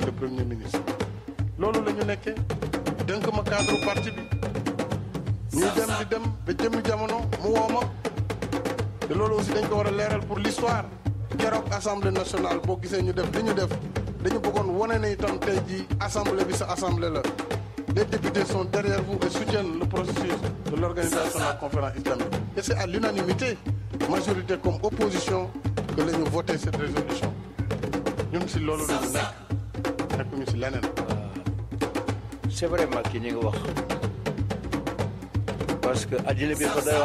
le premier ministre loolu la ñu nekkee dënk ma cadre parti bi ñuy dem di dem ba jëmmi jamono mu woo ma te loolu aussi dañ ko war a leeral pour l'histoire keroog assemblée nationale boo gisee ñu def li ñu def dañu bëggoon wane ne itam tey jii assemblée bi sa assemblée la les députés sont derrière vous et soutiennent le processus de l'organisation de la conférence islamique et c'est à l'unanimité majorité comme opposition que la ñu voté cette résolution ñun si loolu la ñu nekk nekkuñu si leneen. Euh, c'est vraiment kii wax parce que addina bi fa doy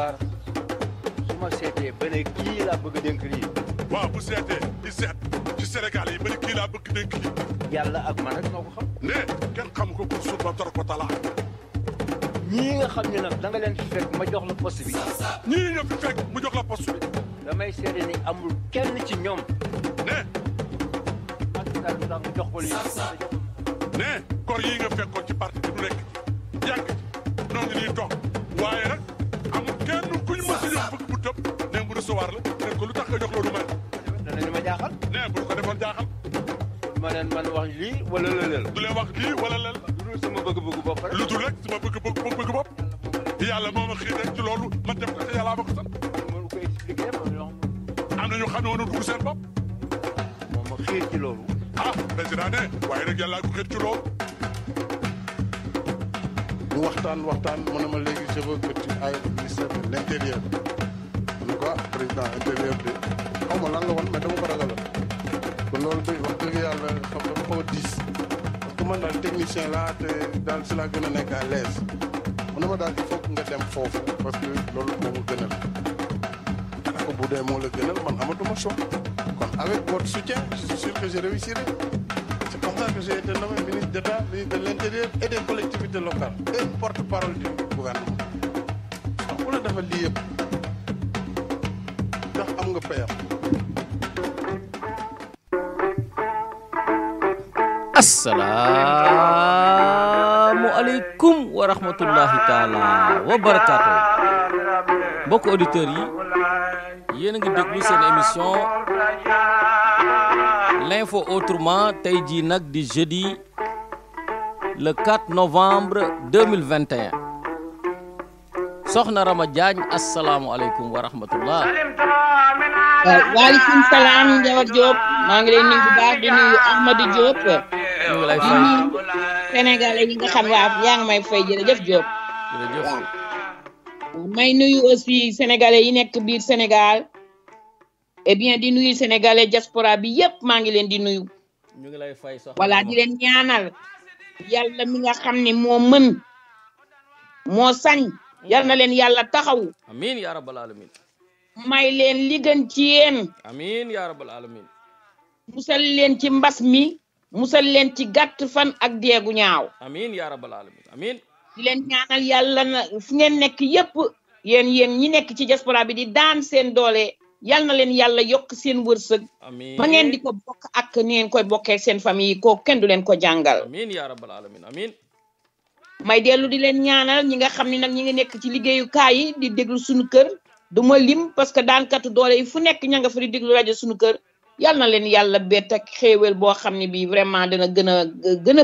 su ma seetee ba ne kii laa bëgg dénk lii. waaw bu seetee di seet ci Sénégal yi ba ne kii laa bëgg dénk lii. yàlla ak man noo ko xam. ne kenn xam ko pour suuf ba tor ko talaa. ñii nga xam ne nag da fi fekk ma jox la poste bi. ñii nga fi fekk mu jox la poste damay seede ni amul kenn ci ñoom. ne. ne kor yi nga o ci parti bi du nekk yàgg ci noo to nii toog waaye nag amul kenn kuñ mës a jox bëgg bu tëb ne bu recevoir la ne ko lu tax nga jox loolu man. danañu ma ne bu ko defoon jaaxal. ma ne man wax lii wala lëleel. du leen wax lii wala lëleel. lu dul sama bëgg-bëgg bopp rek. ma xëy rek ma ko sant. am na ñu moom ma xëy ci loolu. ah président ne waaye nag yàllaa ko xëcc loo ñu waxtaan waxtaan mu ne ma léegi je veux que tu ailles au ministère de l' intérieur en tout ma lan la woon mais ba loolu day yàlla xam dafa xaw a diis parce que technicien laa te daal si laa gën a nekk à l'aise mu ne ma daal il faut nga dem foofu parce que loolu moo ma gënal bu dee moo la gënal man amatuma choix kon avec votre soutien je suis sûr que je réussirai de l'Intérieur et et porte-parole du gouvernement ndax la defal lii yëpp ndax am nga payam asalaamualeykum wa rahmatullahi taala wa barakaatu mbokk auditeurs yi yéen a ngi déglu seen émission l'info autrement tey jii nag di jeudi le 4 novembre 2021 soxna Rama Diagne asalaamualeykum wa rahmatullah euh, waaleykum salaam Ndiaye Diop maa ngi lay nuyu bu baax di nuyu Ahmadou Diop di nuyu Sénégalais nga xam waaw yaa ngi may fay jërëjëf Diop waaw may nuyu aussi sénégalais yi nekk biir Sénégal et bien di nuyu sénégalais jaspora bi yépp maa ngi leen di nuyu. ñu ngi lay fay soxna di leen ñaanal. yàlla mi nga xam ni moo mën moo sañ yal na leen yàlla taxaw amin ya rabbal alamin may leen li ci yéen amin ya musal leen ci mbas mi musal leen ci gàtt fan ak deegu ñaaw amin ya di leen ñaanal yàlla na fi ngeen nekk yépp yéen yéen ñi nekk ci diaspora bi di daan seen doole yal na leen yàlla yokk seen wërsëg. amiin ba ngeen di ko bokk ak ni ngeen koy bokkee seen famille yi kooku kenn du leen ko jàngal. amiin yaa rabbal alamin amiin. may dellu di leen ñaanal ñi nga xam ni nag ñi ngi nekk ci liggéeyukaay yi di déglu suñu kër du ma lim parce que daan kat doole yi fu nekk ña nga fa di déglu rajo suñu kër. yal na leen yàlla bett ak xéewal boo xam ne bii vraiment dana gën a gën a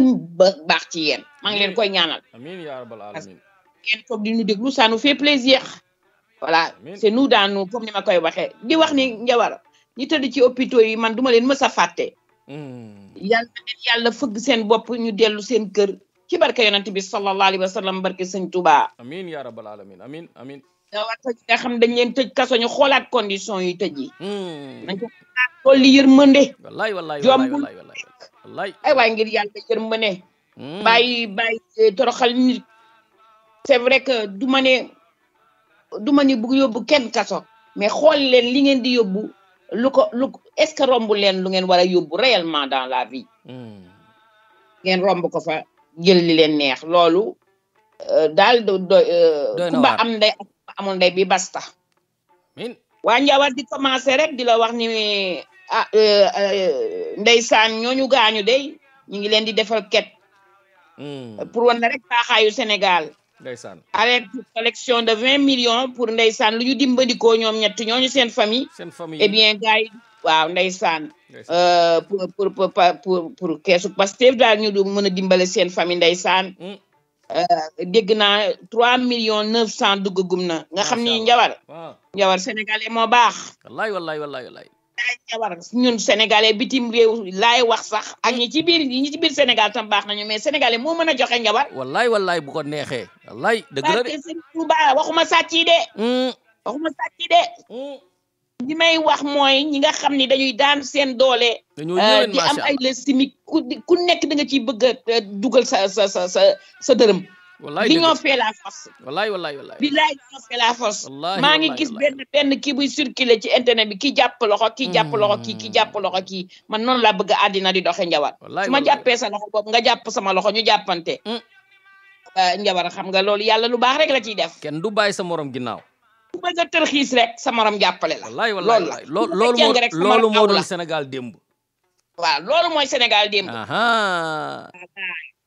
baax ci yéen maa ngi leen koy ñaanal. amiin yaa rabbal aalamiin ngeen toog di ñu déglu ça nous fait plaisir. voilà c'est nous dans nous comme ni ma koy waxee di wax ni njawar ñi tëdd ci hôpitaux yi man duma leen mës a fàtte. Hmm. yàlla yàlla fëgg seen bopp ñu dellu seen kër. ci barke yonent bi sallallahu alayhi wa sallam barke sëñ Touba. amiin yaa rabbal aalamiin amiin amiin. njawar nga xam dañ leen tëj xoolaat condition yi. Hmm. nañ tolli yërmande wallaay wallaay jombul wallaay ay waay ngir yàlla yërmande hmm. bàyyi bàyyi eh, toroxal nit c'est vrai que du ma du ma ne bugg yóbbu kenn kaso mais xool leen li ngeen di yóbbu lu ko lu est-ce que romb leen lu ngeen war a yóbbu réellement dans la vie hmm. ngeen romb ko fa jël li leen neex loolu euh, daal do euh, ku ba am nday bi basta waa njawar di commencé rek di la wax ni ah euh, euh, ndeysaan ñooñu gaañu day ñu ngi leen di defal ket hmm. pour wan na rek baaxaayu Sénégal ndeysaan avec collection de vingt millions pour ndeysaan lu ñu dimbandikoo ñoom ñett ñooñu seen famille seen famille eh bien gars waaw ndeysaan euh, pour pour pour pour keesu Pastef daal ñu mën a dimbale seen famille ndeysaan hmm. dégg naa trois millions neuf cent duggagum na nga xam ni njawar njabar sénégalais moo baax. wallaay wallaay wallaay wallaay. njabar ñun sénégalais bitim réew laay wax sax ak ñi ci biir ñi ci biir Sénégal tam baax nañu mais sénégalais moo mën a joxe njabar. wallaay wallaay bu ko neexee. wallaay dëgg la de parce que sëñ Touba waxuma sàcc yi de. Hmm. waxuma sàcc yi de. Hmm. wax mooy ñi nga xam ne dañuy daan seen doole. Euh, di am ay le simik ku nekk da nga ciy bëgg a euh, dugal sa sa sa sa sa dërëm. wallaay di la force. wallaay wallaay wallaay. billaay di ngi gis benn kii buy circuler ci internet bi kii jàpp loxo ki jàpp hmm. loxo ki kii jàpp loxo kii man noonu laa bëgg àddina di doxe njabar. su ma jàppee sa loxo boobu nga jàpp sama loxo ñu jàppante. Hmm. Ah, njabar xam nga loolu yàlla lu baax rek la ciy def. kenn du bàyyi sa morom ginnaaw. ku a tërxiis rek sa morom jàppale la. wallaay wallaay loolu la loolu moo doon Sénégal démb. wa loolu mooy Sénégal démb.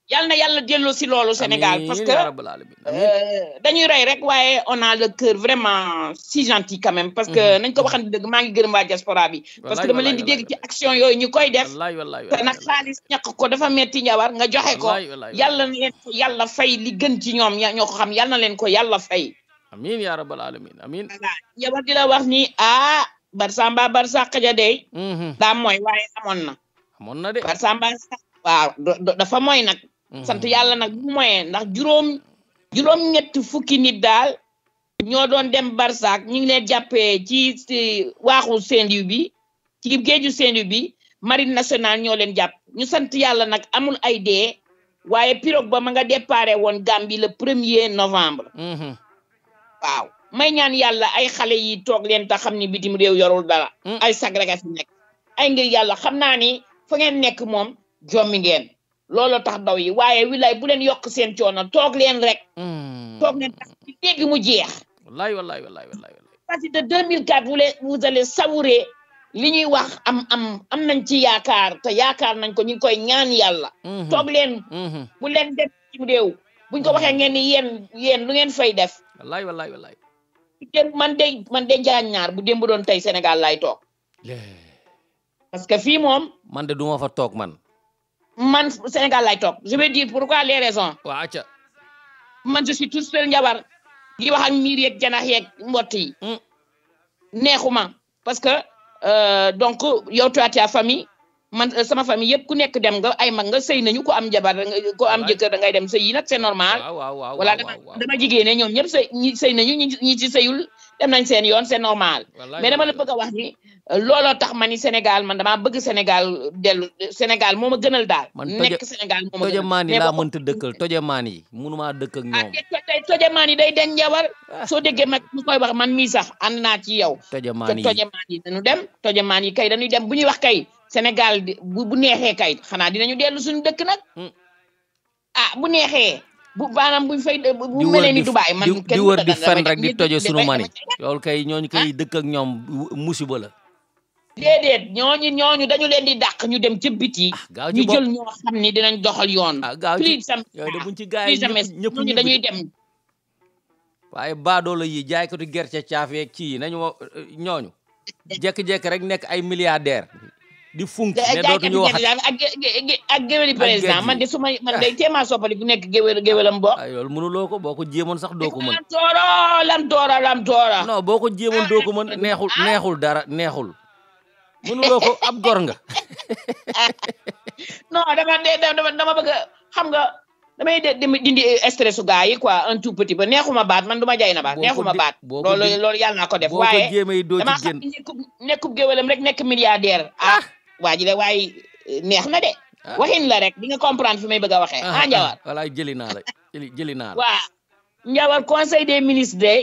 yal na yàlla delloo si loolu Sénégal parce que euh, dañuy rey rek waaye on a le cœur vraiment si gentil quand même. parce que mhm. nañ ko waxante dëgg maa ngi gërëm waa diaspora bi. parce que dama leen di dégg ci action yooyu ñu koy def. te nag xaalis ñàkk ko dafa metti njabar nga joxe ko. yàlla na leen ko yàlla fay li gën ci ñoom ñoo ko xam yàlla na leen ko yàlla fay. amiin yaa rabbal alamin amiin. voilà njabar di la wax ni ah Barsamba Barsàq ja dey. Mhm. daa mooy waaye amoon na. amoon na de. Barsamba waaw dafa mooy nag. sant yàlla nag bu moyee ndax juróom juróom ñetti fukki nit daal ñoo doon dem barsaak ñu ngi leen jàppee ci waaxu Saint-Louis bi ci géeju Saint-Louis bi marine nationale ñoo leen jàpp ñu sant yàlla nag amul ay dee waaye pirogue ba ma nga déparé woon Gambie le premier novembre mhm. waaw may ñaan yàlla ay xale yi toog leen ta xam ni bitim réew yorul dara mm. ay sagrega nekk ay ngir yàlla xam naa ni fa ngeen nekk moom jommi ngeen looloo tax ndaw yi waaye wilaay bu leen yokk seen coono toog leen rek. Hmm. toog leen tax ci dégg mu jeex. wallaay wallaay wallaay wallaay. parce que 2004 vous les vous allez savourer li ñuy wax am am am nañ ci yaakaar te yaakaar nañ ko ñu ngi koy ñaan yàlla. Hmm. toog leen. Hmm. bu leen def ci réew buñ ko waxee ngeen ni yéen yéen lu ngeen fay def. wallaay wallaay wallaay. man de man de jaañ ñaar bu démb doon tey Sénégal laay toog. parce que fii moom. man de du ma fa toog man. man Sénégal lay toog je vais dire pourquoi les raisons. man je suis tout seul njabar. di wax ak miir yeeg janax yeeg mbott yi. Hmm. neexuma parce que euh, donc yow tu as ta famille man euh, sama famille yëpp ku nekk dem nga ay mag nga sey nañu ku am jabar ku am jëkkër da ngay dem sëy yi nag c'est normal. waaw wala dama jigéene ñoom ñëpp sëy ñi sëy nañu ñi ci dem nañ seen yoon c'est normal. mais dama la bëgg wax ni. looloo tax ma ni Sénégal man damaa bëgg Sénégal dellu Sénégal moo ma gënal daal. nekk Sénégal moo ma gënal tojamaan yi laa mënta dëkkal tojamaan yi mënumaa dëkk ak ñoom. ah tey yi day den njawar ah. soo déggee mag mu man mii sax ànd naa ci yow. tojamaan yi tojamaan yi dañu dem tojamaan yi kay dañuy dem bu ñuy wax kay Sénégal bu bu neexee kay xanaa dinañu dellu suñu dëkk nag. Hmm. ah bu neexee. bu maanaam bu melee ni Dubaay man kenn di wër di fen rek di tojo sunu mani loolu kay ñooñu kay ah. dëkk ak ñoom musibala déedéet ñooñu ñooñu dañu leen di dàq ñu dem ci biti. Ah, gaaw ñu jël ñoo xam ni dinañ doxal yoon. ah gaaw ci yooyu buñ ci gaay ñëpp ñëpp dañuy dem. waaye baadoolo yi jaaykatu gerte caafee kii yi nañu ñooñu. jékki-jékki rek nekk ay milliardaire di funk ne dootuñu wax ak ak géwéli président man de su ma man day ah. nekk géwél géwélam boo ay loolu mënuloo ko boo ko jéemoon sax doo ko mën lam toora lam toora boo ko jéemoon ko mën ah, neexul neexul dara neexul mënuloo ko ab gor nga. non dama dama dama bëgg a xam nga damay dindi stress su gars yi quoi un tout petit ba neexuma baat man du ma jaay na baat neexuma baat. loolu loolu yàlla naa ko def. waaye damaa xam nekkub géwélam rek nekk milliardaire. ah, ah! waa ji neex na de. Ah. waxin la rek di nga comprendre fi may bëgg a waxee. ah, ah Ndiawar voilà jëli naa la jëli jëli naa la. waa Ndiawar conseil des ministres de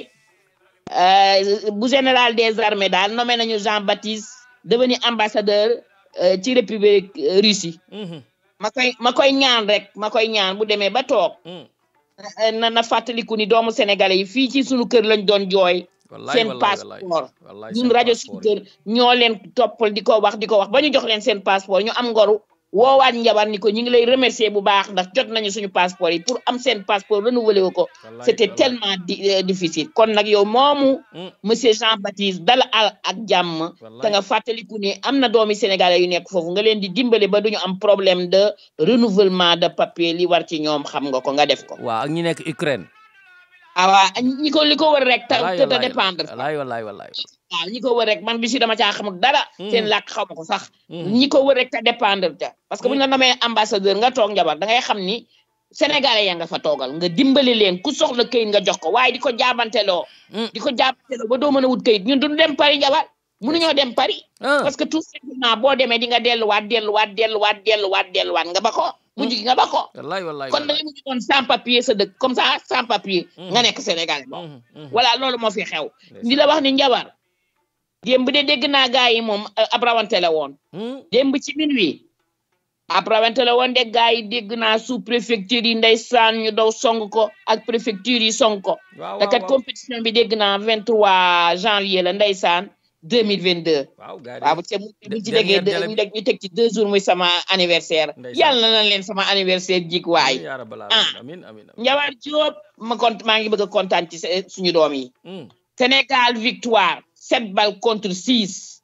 euh, bu général des armées daal nommé nañu Jean Baptiste. devenir ambassadeur euh, ci république euh, Russie. Mhm. ma koy ma koy ñaan rek ma koy ñaan bu demee ba toog. Mhm. na na fàttaliku ni doomu sénégalais yi fii ci sunu kër lañ doon jooy. seen passeport ñun rajo suñu ñoo leen toppal di ko wax di ko wax ba ñu jox leen seen passeport ñu am ngoru. woowaat njabar ni ko ñu ngi lay remercier bu baax ndax jot nañu suñu passeport yi pour am seen passeport renouvelé wu ko c'était tellement euh, difficile kon nag yow moomu mm. monsieur Jean Baptiste dal al ak jàmm te fàttaliku ne am na doomi sénégalais yu nekk foofu nga leen di dimbale ba duñu am problème de renouvellement de papier li war ci ñoom xam nga ko nga def ko waaw ak ñi nekk Ukraine a waa ñi ko li ko wër rek. te te dépendre. walaay walaay walaay. waaw ko wër rek man bi si dama caa xamul dara. Hmm. seen làkk xaw ko sax. Hmm. ñi ko wër rek te dépendre te. parce que bu ñu la hmm. namee ambassadeur nga toog njabar danga ngay ni sénégalais ya nga fa toogal nga dimbali leen ku soxla kayit nga jox ko waaye di ko jaabanteloo. di ko jaabanteloo ba doo mën a wut këyit ñun duñu dem Paris njabar mënuñoo dem Paris. parce que tout simplement boo demee di nga delluwaat delluwaat delluwaat delluwaat delluwaat nga ba ko. mujj gi nga ba kon da nga mujj doon papier sa dëkk comme ça sans papier. Mhm. nga nekk Sénégalais bon. Mhm, mhm. voilà loolu moo fi xew. di la wax ni njabar. démb de dégg naa gars yi moom euh, ab rawante la woon. Hmm? démb ci minuit. ab rawante la woon de gars yi dégg naa sous préfecture yi saan ñu daw song ko ak préfecture yi song ko. waaw compétition bi dégg naa 23 janvier la ndeysaan. deux mille vingt deux waaw bu ce mu ci déggee deg ñu teg ci deux jours muy sama anniversaire yàlla na leen sama anniversaire jik waay ah Ndiawar Diop ma kont maa ngi bëgg a kontaan ci suñu doom yi hmm. Sénégal victoire sept balles contre six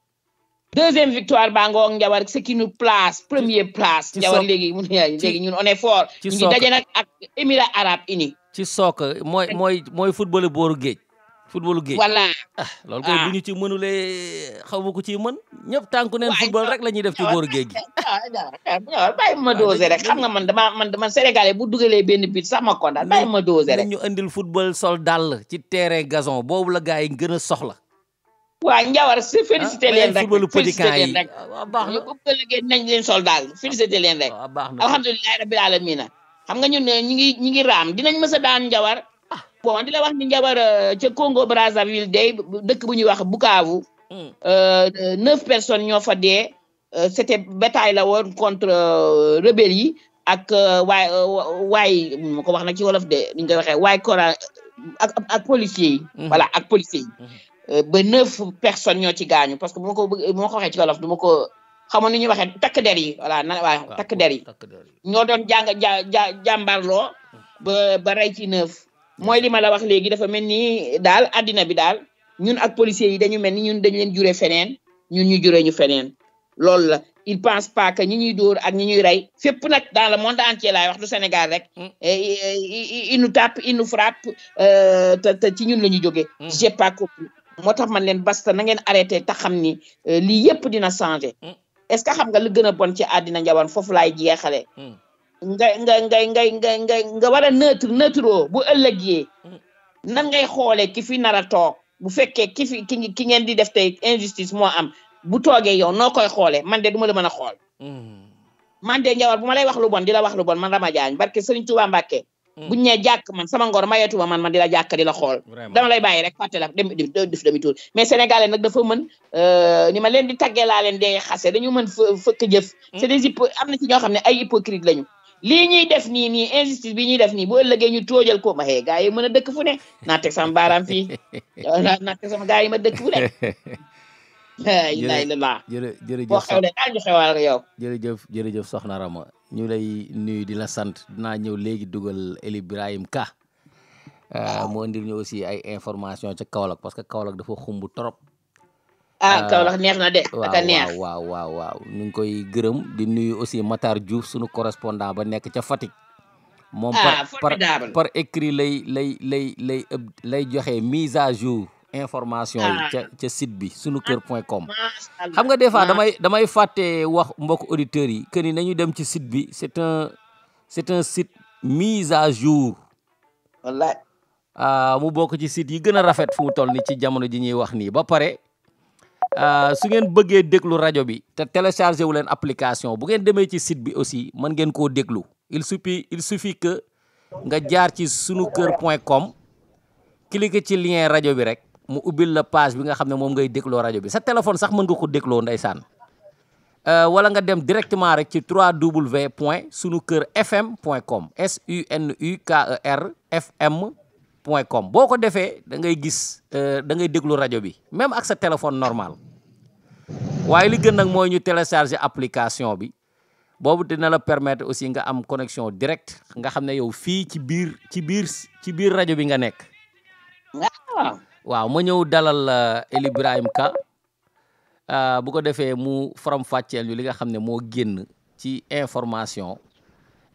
deuxième victoire baa ngoog Ndiawar ce qui place premier place Ndiawar léegi mun léegi ñun on est fort ñu ngi daje nag ak Émirats arabes unis ci sook mooy mooy mooy football booru géej footballu géej voilà. ah loolu kay ah. ñu ci mënulee xaw ma ko ciy mën. ñëpp tànku neen football rek la ñuy def ci booru géej gi. waaw bàyyi ma ah, doose rek xam nga man dama man dama sénégalais bu dugalee benn bit sax ma kontaan bàyyi ma doose rek. ñu andil football sol dàll ci terrain gazon boobu la gars yi gën a soxla. waa Ndiawar si ah, félicité leen rek félicité leen rek. waaw baax na bu ëllëgee nañ na alhamdulilah rabbil alamin xam nga ñun ñu ngi ñu ngi raam dinañ mës a daan Ndiawar. bon di la wax ni njabar euh, ca Congo Brazzaville day dëkk bu ñuy wax Bukavu. Mm. Euh, neuf personnes ñoo fa dee. Euh, c'était bataille la woon contre rebelles yi ak waay waay ma ko wax na ci wolof de ni nga waxee waay kora ak ak policiers yi. Mm-hmm. voilà ak policiers yi. Mm-hmm. ba neuf personnes ñoo ci gaañu parce que bu ko bu ma ko waxee ci wolof du ma ko xamoon ni ñuy waxee takk der yi voilà na waaw takk der yi. ñoo doon jàng ja mm. ba rey ci neuf. mooy li ma la wax léegi dafa mel ni daal addina bi daal ñun ak policiers yi dañu mel ni ñun dañu leen jure feneen ñu ñu jure ñu feneen loolu la il pense pas que ñi ñuy dóor ak ñi ñuy rey fépp nag daal le monde entier laay wax du Sénégal rek. Mm. il nous tape il nous frappe euh, te ci ñun la ñu jógee. Mm. j'ai pas compris moo tax man leen basta na ngeen arrêté te xam ni euh, lii yëpp dina changé. Mm. est-ce que xam nga lu gën a bon ci àddina njaboot foofu laay jeexale nga nga ngay ngay nga nga nga war a neutre neutre bu ëllëgee mm. nan ngay xoolee ki fi nar a toog bu fekkee ki fi ki ki ngeen di def tey injustice moo am bu toogee yow noo koy xoolee man de du ma la mën a xool. Mm. man de njawar bu ma lay wax lu bon di la wax lu bon man Rama Diagne barke Serigne Touba Mbacke. Mm. buñ ne jàkk man sama ngor mayetuma man man di la jàkk di la xool dama lay bàyyi rek fàtte la dem def demi tour mais sénégalais nag dafa mën euh, ni ma leen di taggee laa leen dee xase dañu mën fëkk jëf c'est des hypo am na ci ñoo xam ne ay hypocrite lañu lii ñuy def nii nii injustice bi ñuy def nii bu ëllëgee ñu toojal ko ma xee gaa mën a dëkk fu ne naa teg sama baaraam fii naa teg sama gaa yi ma dëkk fu ne. jërëjëf jërëjëf yow. jërëjëf jërëjëf soxna Rama ñu lay nuyu di la sant dinaa ñëw léegi dugal El Ibrahim Ka. moo indil ñu aussi ay information ca Kaolack parce que Kaolack dafa xumb trop. ah, ah neex na de. waaw waaw waaw ñu ngi koy gërëm di nuyu aussi Matar Diouf sunu correspondant ba nekk ca Fatick. moom ah, par écrit lay lay lay lay joxe mise à jour information yi ah. ca ca bi sunu kër point com. xam nga des fois damay damay fàtte wax mbokk auditeurs yi que ni nañu dem ci site bi c'est un c'est un site mise à jour. wallaay. mu bokk ci site yi gën a rafet fu mu toll ni ci jamono ji ñuy wax nii ba pare. Euh, su ngeen bëggee déglu rajo bi te téléchargé wu leen application bu ngeen demee ci site bi aussi mën ngeen koo déglu il suffit il que nga jaar ci sunuker point com cliquer ci lien rajo bi rek mu ubbil la page bi nga xam ne moom ngay dégloo rajo bi sa téléphone sax mën nga ko dégloo ndeysaan euh, wala nga dem directement rek ci 3w point sunuker fm point com s u n u k e r fm com boo ko defee da ngay gis euh, da ngay déglu rajo bi même ak sa téléphone normal waaye li gën nag mooy ñu télécharger application bi boobu dina la permettre aussi nga am connexion direct nga xam ne yow fii ci biir ci biir ci biir rajo bi nga nekk. waaw ma ñëw dalal euh, El Ibrahim Ka euh, bu ko defee mu faram fàcceel ñu li nga xam ne moo génn ci information.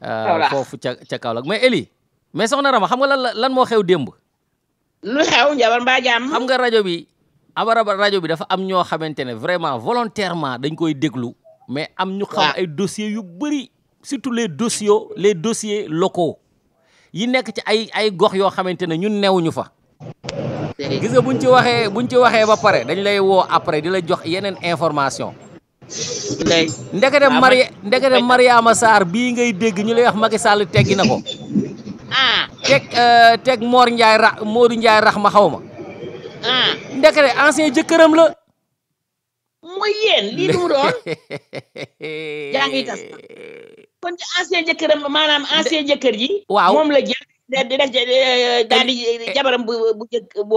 Euh, foofu ca ca Kaolack mais Eli mais soxna Rama xam nga lan lan moo xew démb. lu xew njabar mbaa xam nga rajo bi. abaraba rajo bi dafa am ñoo xamante ne vraiment volontairement dañ koy déglu mais am ñu xam ay dossiers yu bëri surtout les dossiers les dossiers locaux yi nekk ci ay ay gox yoo xamante ne ñun newuñu fa gis nga buñ ci waxee buñ ci waxee ba pare dañ lay woo après di la jox yeneen information ndekete Maria ndekete Mariama Sarr bii ngay dégg ñu lay wax Macky Sall teggi na ko ah. teg euh, teg Mor Ndiaye ra Modou Ndiaye rax ma xaw ma Ah. ndekete ancien jëkkëram la. mooy yéen lii du mu doon. yaa ngi tas kon ancien maanaam ancien jëkkër ji. waaw moom la jël di def eh, jabaram bu bu jëkk bu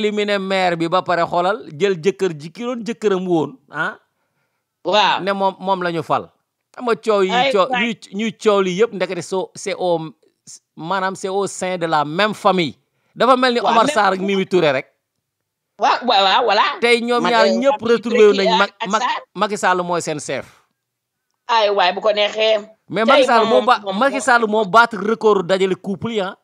e- maire bi ba pare xoolal jël jëkkër ji ki doon jëkkëram woon ah. waaw ne moom moom la ñu fal. xam nga coow yi coow ñuy ñuy yëpp ndekete soo c'est au maanaam c'est au sein de la même famille. dafa mel ni Omar Sarr mi Mimi Touré rek. waaw waaw voilà. tey ñoom ñaar ñëpp retrouvé wu nañ mag Macky Sall mooy seen chef. ay waay bu ko neexee. mais Macky Sall moo ba Macky Sall moo battre record dajale couple yi ah.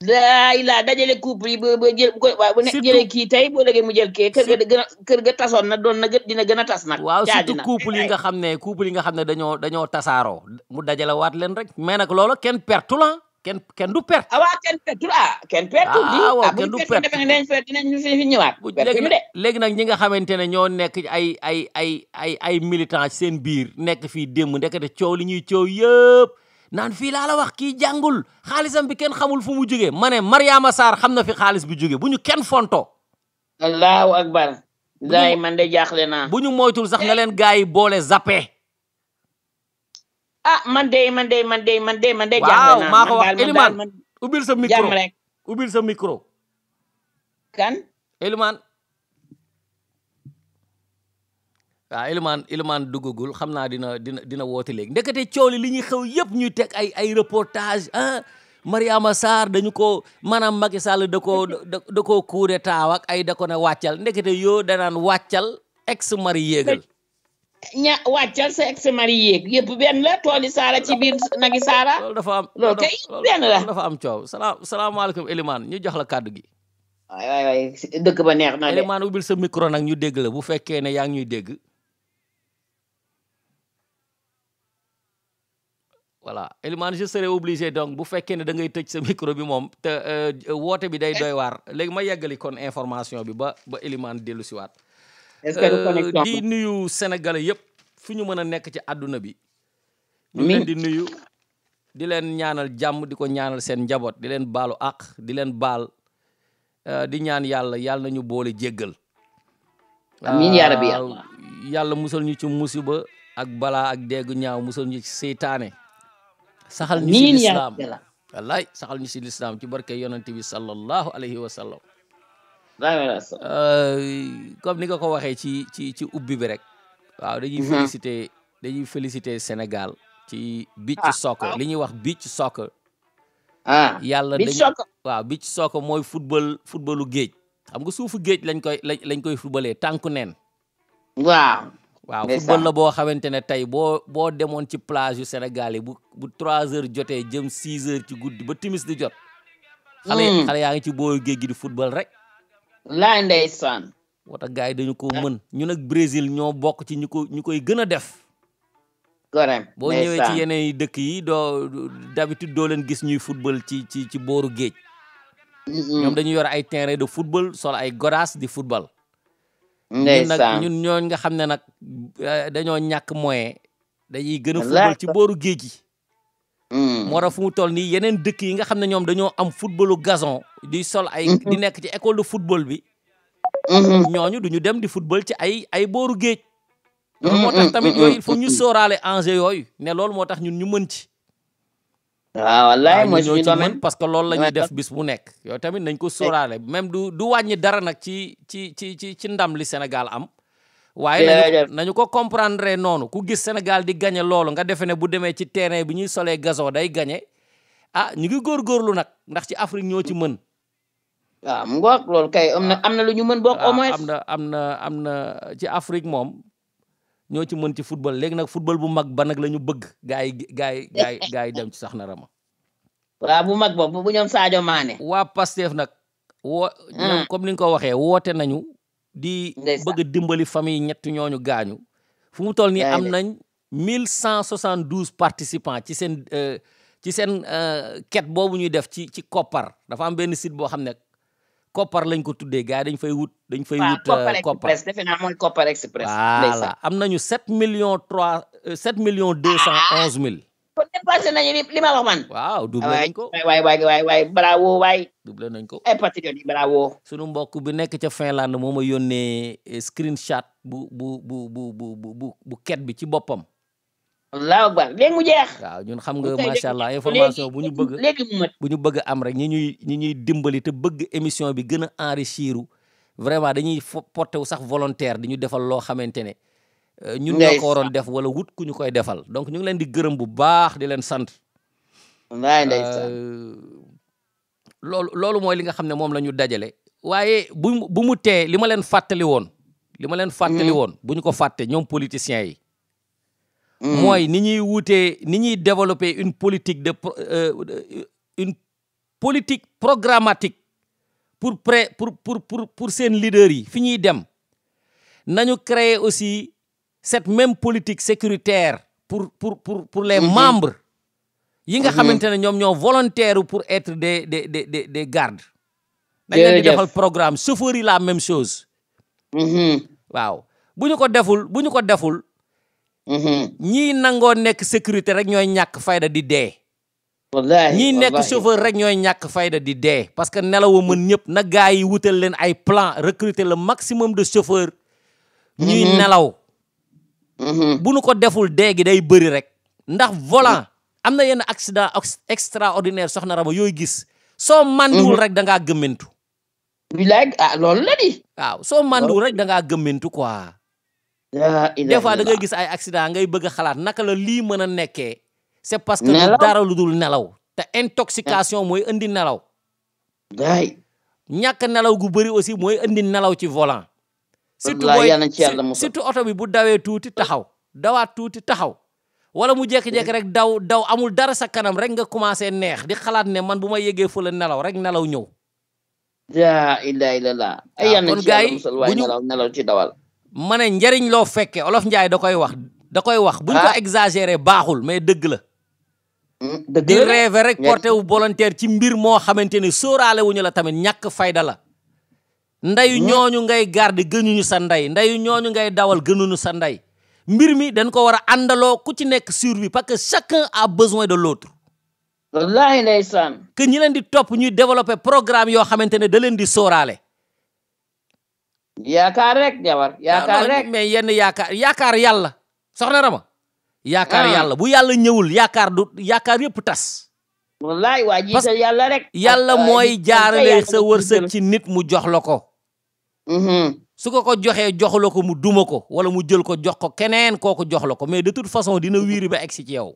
daay laa dajale couple yi ba ba jël ko waaw bu ne jëlee kii tey boo déggee mu jël kee gën kër ga tasoon na doon na gën dina gën a tas nag. waaw surtout couple yi nga xam ne couple yi nga xam ne dañoo dañoo tasaaroo mu dajale waat leen rek mais nag loolu pertu la. Ah. kenn kenn du perte. ah waaw kenn perte ah kenn perte. ah waaw kenn du perte lii ah bu dinañu léegi nag ñi nga xamante ne ñoo nekk ay ay ay ay ay militants seen biir nekk fii démb ndekete coow li ñuy coow yëpp naan fii laa wax kii jàngul xaalisam bi kenn xamul fu mu jógee ma ne Mariama Sarr xam na fi xaalis bi jógee bu ñu kenn fonto allahu akbar. daay man de jaaxle naa. bu ñu moytul sax na leen gars yi boole zappé. ah man de man de man de man de man de. waaw maa ko wax Elimane ubbil sa micro ubbil sa micro. kan. Elimane. waaw ah, Elimane duggagul xam naa dina dina dina woote léegi ndekete coow li ñuy xew yëpp ñuy teg ay ay reportage ah Mariama Sarr dañu ko maanaam Macky Sall da koo da koo ay da ko ne wàccal ndekete yoo danaan wàccal ex mari yéegal ña wàccal sa ex mari yéeg yëpp benn la tooli saara ci biir nagi saara. loolu dafa am loolu dafa am coow salaam salaamaaleykum Elimane ñu jox la kàddu gi. waay waay dëkk ba neex na de. Elimane ubbil sa micro nag ñu dégg la bu fekkee ne yaa ngi ñuy dégg. voilà Elimane obligé donc bu fekkee ne da tëj sa micro bi moom te euh, woote bi day doy waar léegi ma yeggali kon information bi ba ba Elimane dellu siwaat Euh, di nuyu sénégalais yépp fu ñu mën a nekk ci àdduna bi. ñu leen di nuyu. di leen ñaanal jàmm di ko ñaanal seen njaboot di leen baalo àq di leen baal euh, di ñaan yàlla yàlla ñu boole jéggal. amiin yaa rabbi euh, yàlla musal ñu ci musiba ak balaa ak déggu ñaaw musal ñu ci seytaane. saxal ñu ci lislaam wallaay saxal ñu ci lislaam ci barke yonent bi sallallahu alayhi wa sallam. Euh, comme ni nga ko waxee ci ci ci ubbi bi rek. waaw dañuy mhm. féliciter dañuy féliciter Sénégal ci beach ah, soccer li ñuy wax beach soccer. ah yàlla dañuy beach soccer waaw beach soccer mooy football footballu géej. xam nga suufu géej lañ koy lañ koy footballee tànku neen. waaw. waaw football la boo xamante ne tey boo boo demoon ci plage yu Sénégal yi bu bu trois heures jotee jëm six heures ci guddi ba timis di jot. xale mm. xale yaa ngi ci booru géej gi di football rek. laay ndeysaan. moo tax yi dañu ko mën ñu nag Brésil ñoo bokk ci ñu ko ñu koy gën a def. goreem boo ñëwee ci yeneen dëkk yi doo d'habitude dooleen gis ñuy football ci ci ci booru géej. ñoom dañu yor ay terrain de football sol ay godaas di football. ñun nag ñun ñooñ nga xam ne nag euh, dañoo ñàkk moyen dañuy gën a ci booru géej gi. Hmm. moo tax fu mu toll nii yeneen dëkk yi nga xam ne ñoom dañoo am footballu gazon di sol ay hmm. di nekk ci école de football bi hmm. ñooñu duñu dem di football ci ay ay booru géej loolu moo tax tamit yooyu il ñu sóoraale enjeu yooyu ne loolu moo tax ñun ñu mën ci waaw ah, wallaay mooy ñoo ci mën parce que loolu la ñuy def bis bu nekk yooyu tamit nañ ko sóoraale même du du wàññi dara nag ci ci ci ci ci ndam li Sénégal am waaye nañu ko comprendre noonu ku gis senegal di gagné loolu nga defe ne bu demee ci terrain bu ñuy solee gazon day gagné a ah, ñu ngi góorgóorlu nag ndax ci Afrique ñoo ci mën. waaw ah, loolu kay am na ah. am na lu ñu mën bokk au am na am na am na ci Afrique moom ñoo ci mën ci football léegi nag football bu mag ba nag la ñu bëgg gaay yi gaay yi dem ci sax na rama waa bu mag boobu bu ñoom Sadio Mané. waa Pastef nag. woo ñoom mm. comme ni nga ko waxee woote nañu di bëgg dimbali famille ñett ñooñu gaañu fu mu toll nii am nañ mille cent soixante douze participants ci seen euh, ci seen euh, quête boobu ñuy def ci ci koppar dafa am benn site boo xam ne koppar lañ ko tuddee gars yi dañ fay wut dañ fay wut euh, koppar defe naa mooy koppar express voilà am nañu sept millions trois sept millions deux cent onze mille kon dépassé nañu li ma wax man. waaw doublé nañ ko waay waay waay waay bravo waay. nañ ko ay eh, patriote yi sunu mbokk bi nekk ca Finlande moo ma yónnee eh, screenshot bu bu bu bu bu bu ket bi ci boppam. allahu akbar léegi mu jeex. waaw ñun xam nga macha allah information bu ñu bëgg bu ñu bëgg am rek ñi ñuy ñi ñuy dimbali te bëgg émission bi gën a enrichir vraiment dañuy porté wu sax volontaire di ñu defal loo xamante ne. Euh, ñu ñoo ko waroon def wala wut ku ñu koy defal donc ñu ngi leen di gërëm bu baax di leen sant. Euh, loolu loolu mooy li nga xam ne moom la ñu dajale. waaye bu bu mu tee li ma leen fàttali woon. li ma leen fàttali mm. woon bu ñu ko fàtte ñoom politiciens yi. Mm. mooy ni ñuy wutee ni ñuy développer une politique de euh, une politique programmatique pour pré pour pour pour pour seen leaders yi fi ñuy dem nañu créer aussi cette même politique sécuritaire pour pour pour pour les mhm. membres yi nga mhm. xamante ne ñoom ñoo volontaire pour être des des des des des gardes dañ leen di defal programme chauffeur yi la même chose mhm. waaw bu ñu ko deful bu ñu ko deful ñi nangoo nekk sécurité rek ñooy ñàkk fayda di dee wallaahi ñii nekk chauffeur rek ñooy ñàkk fayda di dee parce que nelaw a mën ñëpp na gars yi wutal leen ay plan recruter le maximum de chauffeurs ñuy nelaw Mm-hmm. bu nu ko deful dee gi day bëri rek ndax volant mm-hmm. am na yenn accident extraordinaire soxna Rama yooyu gis soo mandiwul mm-hmm. rek da ngaa gëmmentu bilaay ah soo mandiwul da ngaa gëmmentu quoi des fois da ngay gis ay accident ngay bëgg a xalaat naka la lii mën a nekkee c'est parce que dara lu dul nelaw te intoxication mooy indi nelaw gaay ñàkk nelaw gu bëri aussi mooy indi nelaw ci volant surtout mooy surtout oto bi bu dawee tuuti taxaw dawaat tuuti taxaw wala mu jékki-jékki rek daw daw amul dara sa kanam rek nga commencé neex di xalaat ne man bu may yegee fële nelaw rek nelaw ñëw laa ilaaha ci dawal ma ne njariñ loo fekkee olof njaay da koy wax da koy wax buñ ah. exagéré baaxul mais dëgg la hmm, di rêve rek porté wu volontaire ci mbir moo xamante ni sóoraale wuñu la tamit ñàkk fayda la ndeyu hmm? ñooñu ngay garde gënuñu sa ndey ndeyu ñooñu ngay dawal gënuñu sa ndey mbir mi dañ ko war a àndaloo ku ci nekk survie parce que chacun a besoin de l'autre wallaahi ndeysaan que ñi leen di topp ñuy développer programme yoo xamante ne da leen di sóoraale yaakaar rek jabar ah, yenn yaakaar yaakaar yàlla soxna Rama yaakaar ah. yàlla bu yàlla ñëwul yaakaar yaakaar yëpp tas wallaay waa yàlla rek yàlla mooy jaarale sa wërsëg ci nit mu jox la ko Mm-hmm. su ko ko joxee jox ko mu duma ko wala mu jël ko jox ko keneen ko jox la ko mais de toute façon dina wiiri ba egsi ci yow.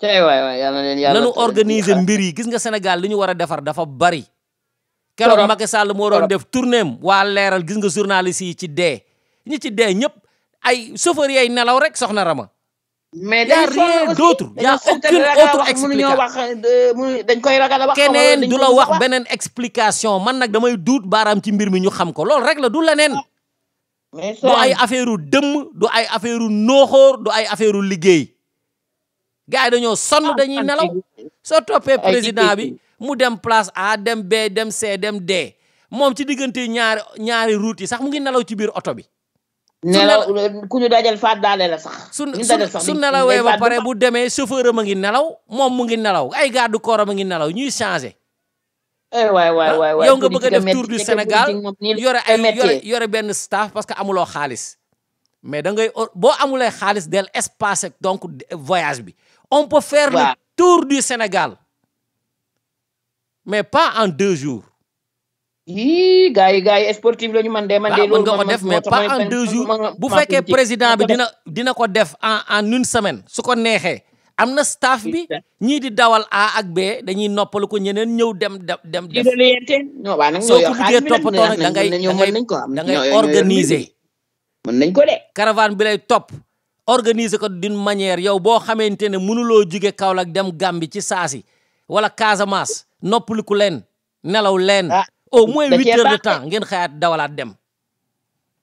tey waay mbir yi gis nga Sénégal li ñu war a defar dafa bari. keroog Macky Sall moo doon def tournéem waa leeral gis nga journaliste yi ci dee. ñi ci dee ñëpp ay sofori yay nelaw rek soxna Rama. mais y' a rien d' autre explication euh, dañ koy ragal a wax keneen du la wax beneen explication man nag damay duut baaraam ci mbir mi ñu xam ko loolu rek la du leneen. du ay affaire u dëmm du ay affaire u nooxoor du ay affaire u liggéey. gars yi dañoo sonn ah, dañuy nelaw soo toppee président bi mu dem place A dem B dem C dem D moom ci diggante ñaari ñaari route yi sax mu ngi nelaw ci biir oto bi. nelaw ku ñu dajal faat daale la sax. su su nelawee ba pare bu demee chauffeur am a ngi nelaw moom mu ngi nelaw ay garde corps am a ngi nelaw ñuy changé. Eh, waay ah, waay waay yow nga bëgg a def tour du Sénégal yore ay yore benn staff parce que amuloo xaalis. mais da ngay boo amulee xaalis del espace donc voyage bi. on peut faire le tour du Sénégal mais pas en deux jours. yii gars yi yi sportif la ñu man de man de loolu ko def mais pas en deux jours bu fekkee président bi dina dina ko def en en une semaine su ko neexee am na staff bi ñii di dawal A ak be dañuy noppalu ko ñeneen ñëw dem dem def soo ko buggee toppatoo nag da ngay da ngay organiser mën nañ ko de caravane bi lay topp organiser ko din manière yow boo xamante ne mënuloo jóge Kaolack dem Gàmbi ci saasi wala Casamance noppalu leen nelaw leen ah. au moins huit heures de temps ngeen xayaat dawalaat dem.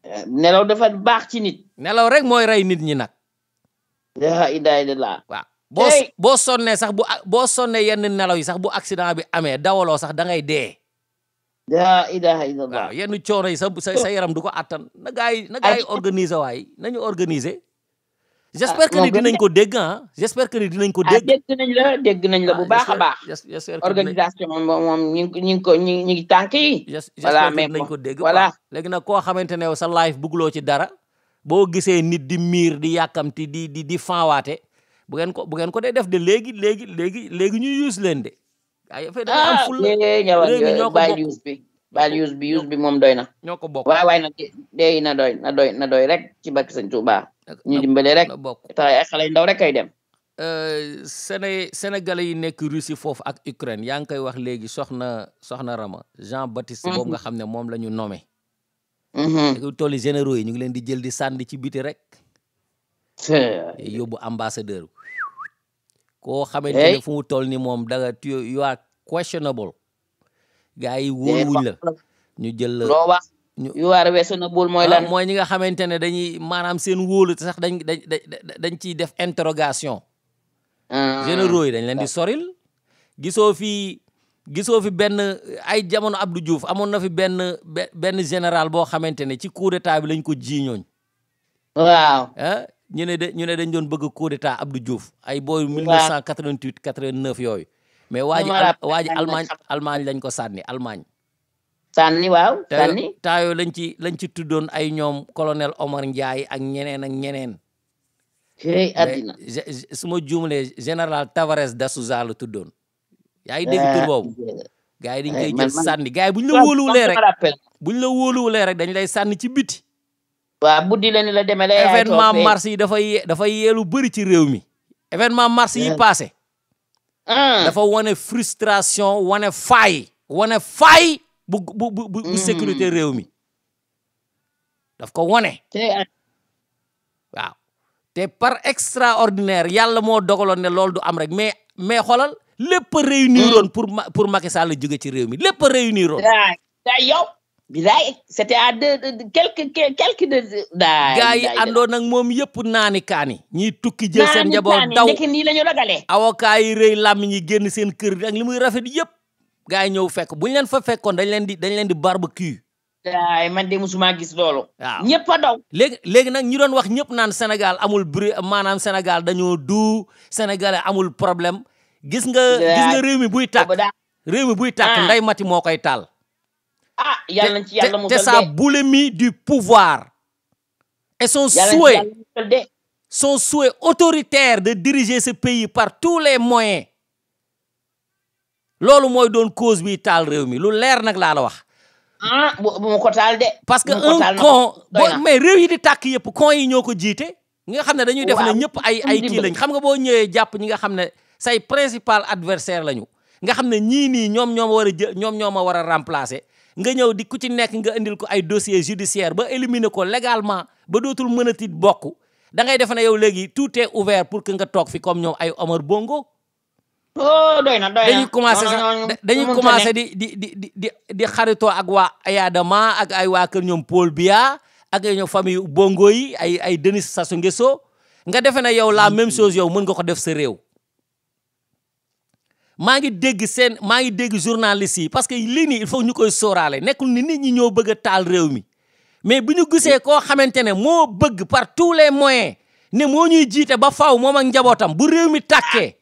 Eh, nelaw dafa baax ci nit. nelaw rek mooy rey nit ñi nag. la ilaha illallah. waaw boo boo sonnee sax bu boo sonnee yenn nelaw yi sax bu accident bi amee dawaloo sax dangay ngay dee. la ilaha illallah. waaw yenn coono yi sa sa yaram du ko attan na gaa yi na gaa yi organiser waay nañu organiser. j'espère que ah, ni dinañ ko dégg ah j'espère que ni dinañ ko ah, dégg dégg nañ la dégg nañ la bu ah, baax a baax organisation moom ñi ngi ñi ngi ko ñi ñi ngi tànk yi voilà mais dinañ ko dégg voilà léegi nag koo xamante ne sa live bugguloo ci dara boo gisee nit di miir di yàkkamti di di di fanwaate bu ngeen ko bu ngeen ko dee def de léegi léegi léegi léegi ñu use leen de ay affaire da am ful ñoo ko bokk baal yuus bi yuus bi moom doy na ñoo ko bokk waaye waaye nag na doy na doy doy rek ci bakki sëñ Tuuba ñu dimbale rek tax ay xale yu ndaw rek kay dem euh, Séné sénégalais yi nekk Russie foofu ak Ukraine yaa ngi koy wax léegi soxna soxna Rama Jean Baptiste boobu nga mhm. xam ne moom lañu ñu nommé ak mhm. tolli généraux yi ñu ngi leen di jël di sànni ci biti rek yóbbu ambassadeur koo xamante ne fu mu toll ni moom danga you are questionable gaa yi wóoluwuñ la ñu jël la loo yu waar weesu na bul mooy ah, lan mooy ñi nga xamante ne dañuy maanaam seen wóolu te sax dañ dañ dañ ciy def interrogation ah. généraux yi dañ leen di ah. soril gisoo fii gisoo fi benn ay jamono Abdou juuf amoon na fi benn benn général boo xamante ne ci coup d'état bi lañ ko jiiñooñ waaw ah ñu ne de ñu ne dañ doon bëgg coup d'état Abdou Diouf ay booy 1988 89 yooyu mais waa ji waa ji Allemagne lañ ko sànni Allemagne. sànni waaw sànni. lañ ci lañ ci tuddoon ay ñoom colonel Omar Ndiaye ak ñeneen ak ñeneen. suma addina général Tavares da Souza la tuddoon. yaa ngi dégg tur ah, boobu. gars yi dañ koy eh, jël sànni gars yi buñ la wóoluwulee rek buñ la wóoluwulee rek dañ lay sànni ci biti. waaw buddi la ni la demee la. yi dafay dafay yeelu bëri ci réew mi. événement mars yi eh. passé. dafa wane frustration wane fay wane faay bu bu bu bu mm. sécurité réew mi daf ko wane. waaw te par extraordinaire yàlla moo dogaloon ne loolu du am rek mais mais xoolal lépp a réuniroon mm. pour pour Macky Sall jóge ci réew mi lépp a yow. bilaay c'était à deux quelques quelques de daay gars yi àndoon nag moom yëpp naani kaani ñiy tukki jël seen njaboot daw ndekki nii la ñu ragalee avocat yi rëy génn seen kër ak li muy rafet yëpp gars yi ñëw fekk buñu leen fa fekkoon dañ leen di dañ leen di barbecue daay man de musuma gis loolu waaw ñëpp daw léegi léegi nag ñu doon wax ñëpp naan Sénégal amul bri maanaam Sénégal dañoo du Sénégal amul problème gis nga gis réew mi buy tàkk réew buy tàkk ah. nday mati moo koy taal ah yàlla nañ ci yàlla musal de sa boulimie du pouvoir. et son souhait son souhait autoritaire de diriger ce pays par tous les moyens. loolu mooy doon cause bi taal réew mi lu leer nag laa la wax. Ah, bu mu ko taal de. parce que un con mais réew yi di tàkk yëpp con yi ñoo ko jiite. ñi nga xam ne dañuy def ne ñëpp ay ay kii lañ xam nga boo ñëwee jàpp ñi nga xam ne say principal adversaire lañu. nga xam ne ñii nii ñoom ñoo war a jë ñoom ñoo ma war a remplacer nga ñëw di ku ci nekk nga indil ko ay dossier judiciaire ba éliminer ko légalement ba dootul mënati bokk da ngay defe ne yow léegi tout est ouvert pour que nga toog fi comme ñoom ay Omar Bongo. oh doy na doy commencé dañuy commencé di di di di di xaritoo ak waa Ayadama ak ay waa kër ñoom Paul Biya ak ñoom famille Bongo yi ay ay Denis Sassou Nguesso nga defe ne yow la mm. même chose yow mën nga ko def sa réew. maa ngi dégg seen maa ngi dégg journaliste yi parce que lii nii il faut ñu koy sóoraale nekkul ni nit ñi ñoo bëgg taal réew mais bu ñu gisee koo xamante ne moo bëgg par tous les moyen ne moo ñuy jiite ba faw moom ak njabootam bu réew mi tàkkee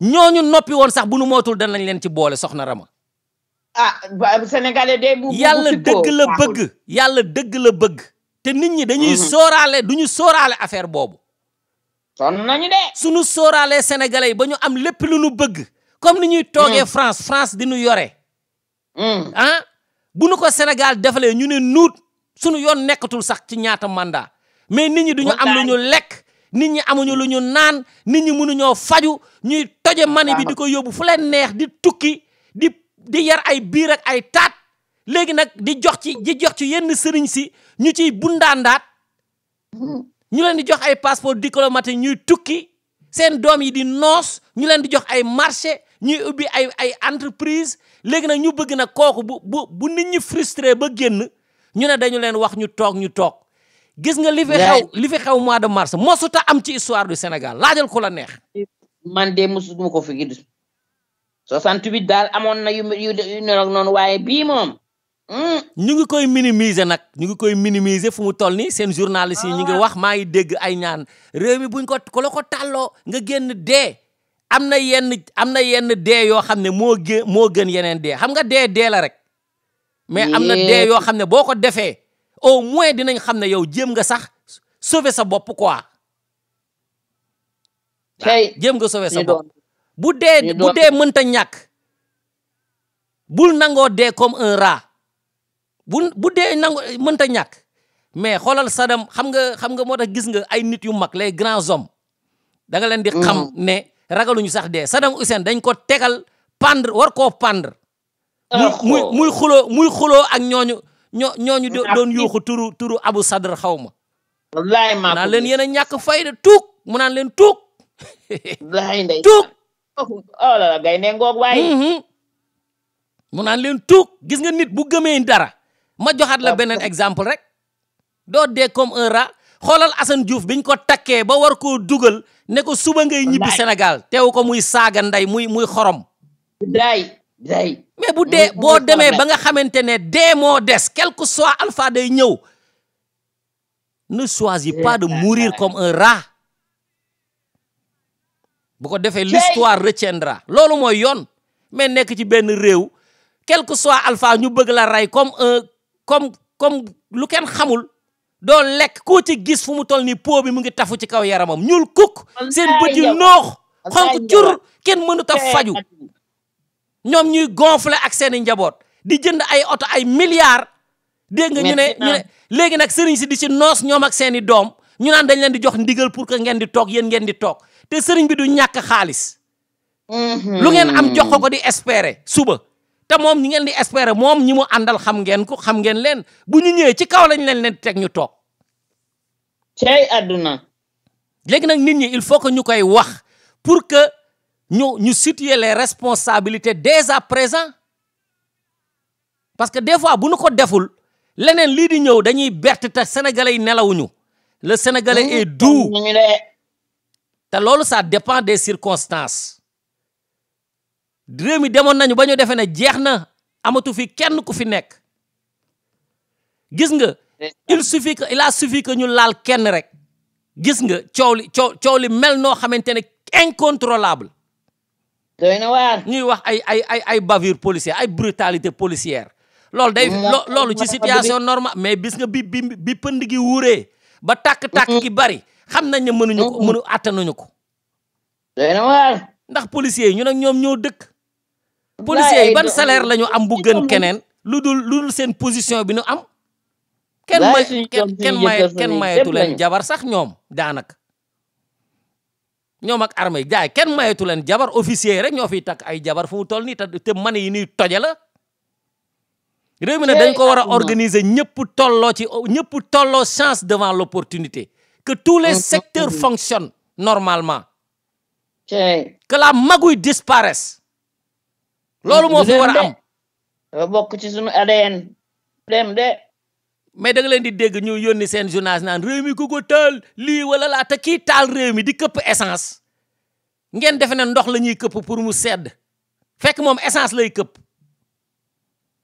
ñooñu noppi woon sax bu nu mootul danañ leen ci boole soxna Rama. ah Sénégalais de bu yàlla dëgg la bëgg yàlla dëgg la bëgg. te nit ñi dañuy mhm. sóoraale du ñu sóoraale affaire boobu. sonn nañu de. suñu sóoraalee sénégalais yi ba ñu am lépp lu ñu bëgg. comme ni ñuy toogee mm. France France di nu yore. Mm. ah bu nu ko Sénégal defalee ñu ne nuut sunu yoon nekkatul sax ci ñaata mandaa mais nit ñi duñu am lu ñu lekk nit ñi amuñu lu ñu naan nit ñi mënuñoo faju ñuy toje mani bi di ko yóbbu fu leen neex di tukki di di yar ay biir ay taat léegi nag di jox ci di ci yenn sëriñ si ñu ciy bundaandaat ñu leen di jox ay passeport diplomatique ñuy tukki seen doom yi di noos ñu leen di jox ay marché ñuy ubbi ay ay entreprise léegi nag ñu bëgg nag kooku bu bu bu nit ñi frustré ba génn ñu ne dañu leen wax ñu toog ñu toog gis nga li fi xew li fi xew mois de mars mosuta am ci histoire de Sénégal laajal ku la neex man de mosuma ko fi gis 68 daal amoon na yu yu yu waaye bii moom hmm. ñu ngi koy minimiser nag ñu ngi koy minimiser fu mu toll nii seen journaliste ñi ngi ah. wax maa ngi dégg ay ñaan réew mi buñ ko ku la ko tàlloo nga génn dee am na yenn am na yenn dee yoo xam ne moo gën moo gën yeneen dee xam nga dee dee rek mais am na dee yoo xam ne boo ko defee au moins dinañ xam ne yow jéem nga sax sauver sa bopp quoi tey nga sauver sa bopp bu dee bu dee mënta ñàkk bul nangoo dee comme un rat bu bu dee nango mënta ñàkk mais xoolal Saddam xam nga xam nga moo tax gis nga ay nit yu mag lay grands hommes da nga leen di xam mm. ne ragaluñu sax dee Saddam Hussein dañ ko tegal pendre war ko pendre. Ah, muy muy xuloo muy xuloo ak ñooñu ñoo ñooñu doon yuuxu turu Abu Sadr xaw ma. wallaay maa leen yéen a ñàkk fayda tuug mu naan leen tuug. wallaay ndey tuug. oh mm-hmm. naan leen tuug gis nga nit bu gëmee dara. ma joxaat la beneen exemple rek. doo dee comme un xoolal Assane Diouf biñ ko takkee ba war koo dugal ne ko suba ngay ñibbi Sénégal teew ko muy saaga ndey muy muy xorom. day day mais bu dee boo demee ba nga xamante ne dee moo des quel que soit alpha day ñëw ne choisis eh, pas de eh, eh. mourir comme un rat bu ko defee l'histoire retiendra loolu mooy yoon mais nekk ci benn réew quelque que soit alpha ñu bëgg la rey comme un comme comme lu kenn xamul doo lekk koo ci gis fu mu toll nii po bi mu ngi tafu ci kaw yaramam ñuul kukk seen bët yi noox xonk cur kenn mënut a faju ñoom ñuy gonfler ak seen i njaboot di jënd ay oto ay milliards dégg nga ñu ne ñu léegi nag sëriñ si di si noos ñoom ak seeni doom ñu naan dañ leen di jox ndigal pour que ngeen di toog yéen ngeen di toog te sëriñ bi du ñàkk xaalis mhm. lu ngeen am jox ko di espérer suba te moom ñi ngeen di espérer moom ñi mu àndal xam ngeen ko xam ngeen leen bu ñu ñëwee ci kaw lañ leen leen teg ñu toog. cey àdduna. léegi nag nit ñi il faut que ñu koy wax pour que ñu ñu situer les responsabilités dès à présent parce que des fois bu ñu ko deful leneen lii di ñëw dañuy berte te sénégalais yi nelawuñu. le sénégalais est doux te loolu ça dépend des circonstances. réew mi demoon nañu ba ñu defee ne jeex na amatu fi kenn ku fi nekk gis nga il suffit que il ñu laal kenn rek gis nga coow li coow coow li mel noo xamante ne incontrôlable doy na ñuy wax ay ay ay ay bavure policière ay brutalité policière loolu day loolu ci situation normal mais bis nga bi bi bi pënd gi wuuree ba tàkk-tàkk mm-hmm. gi bari xam nañ ne mënuñu ko mm-hmm. mënu attanuñu ko doy na waar ndax policiers yi ñu nag ñoom ñoo dëkk policiers yi ban salaire la ñu am bu gën keneen lu dul lu dul seen position bi nu am kenn may kenn may kenn mayetu leen jabar sax ñoom daanaka ñoom ak armée yi kenn mayetu leen jabar officier rek ñoo fiy takk ay jabar fu mu toll nii te man yi nuy toje la réew mi ne dañ ko war a organiser ñëpp tolloo ci ñëpp tolloo chance devant l'opportunité que tous les secteurs fonctionnent normalement que la magouille disparaisse loolu moo fi war a am. dafa bokk ci suñu ADN. dem de. mais da leen di dégg ñu yónni seen journaliste naan réew mi ku ko taal lii wala laa te kii taal réew mi di këpp essance ngeen defe ne ndox la ñuy këpp pour mu sedd fekk moom essance lay këpp.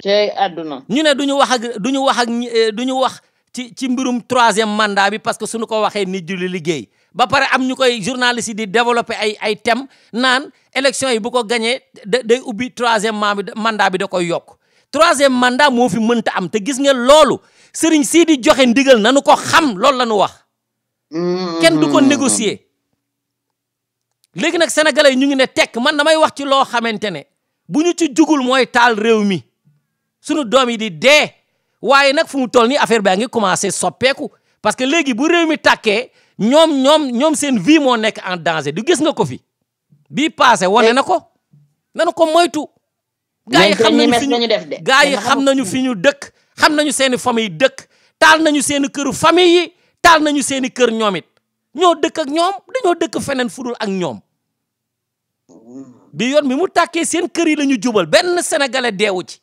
tey àdduna. ñu ne du ñu wax ak du ñu wax ak eh, du ñu wax ci ci mbirum troisième mandaa bi parce que suñu ko waxee nit ju liggéey. ba pare am ñu koy journaliste yi di développer ay ay thèmes naan élection yi bu ko gañee day ubbi troisième mandat bi da koy yokk troisième mandat moo fi mënta am te gis nga loolu sëriñ sii di joxe ndigal nanu ko xam loolu la ñu wax mm-hmm. kenn du ko négocier léegi nag sénégalais yi ñu ngi ne tekk man may wax ci loo xamante ne bu ñu ci jugul mooy taal réew mi sunu doom yi di dee waaye nag fu mu toll nii affaire baa ngi commencé soppeeku parce que léegi bu réew mi tàkkee ñoom ñoom ñoom seen vie moo nekk en danger du gis nga ko fi bii paase wane na ko nanu ko moytu. gaa xam nañu fi ñu def de gaa yi xam nañu fi ñu dëkk xam nañu seeni famille dëkk taal nañu seeni këru famille yi taal nañu seeni kër ñoom it ñoo dëkk ak ñoom dañoo dëkk feneen fudul ak ñoom bi yoon bi mu takkee seen kër yi la jubal benn sénégalais deewu ci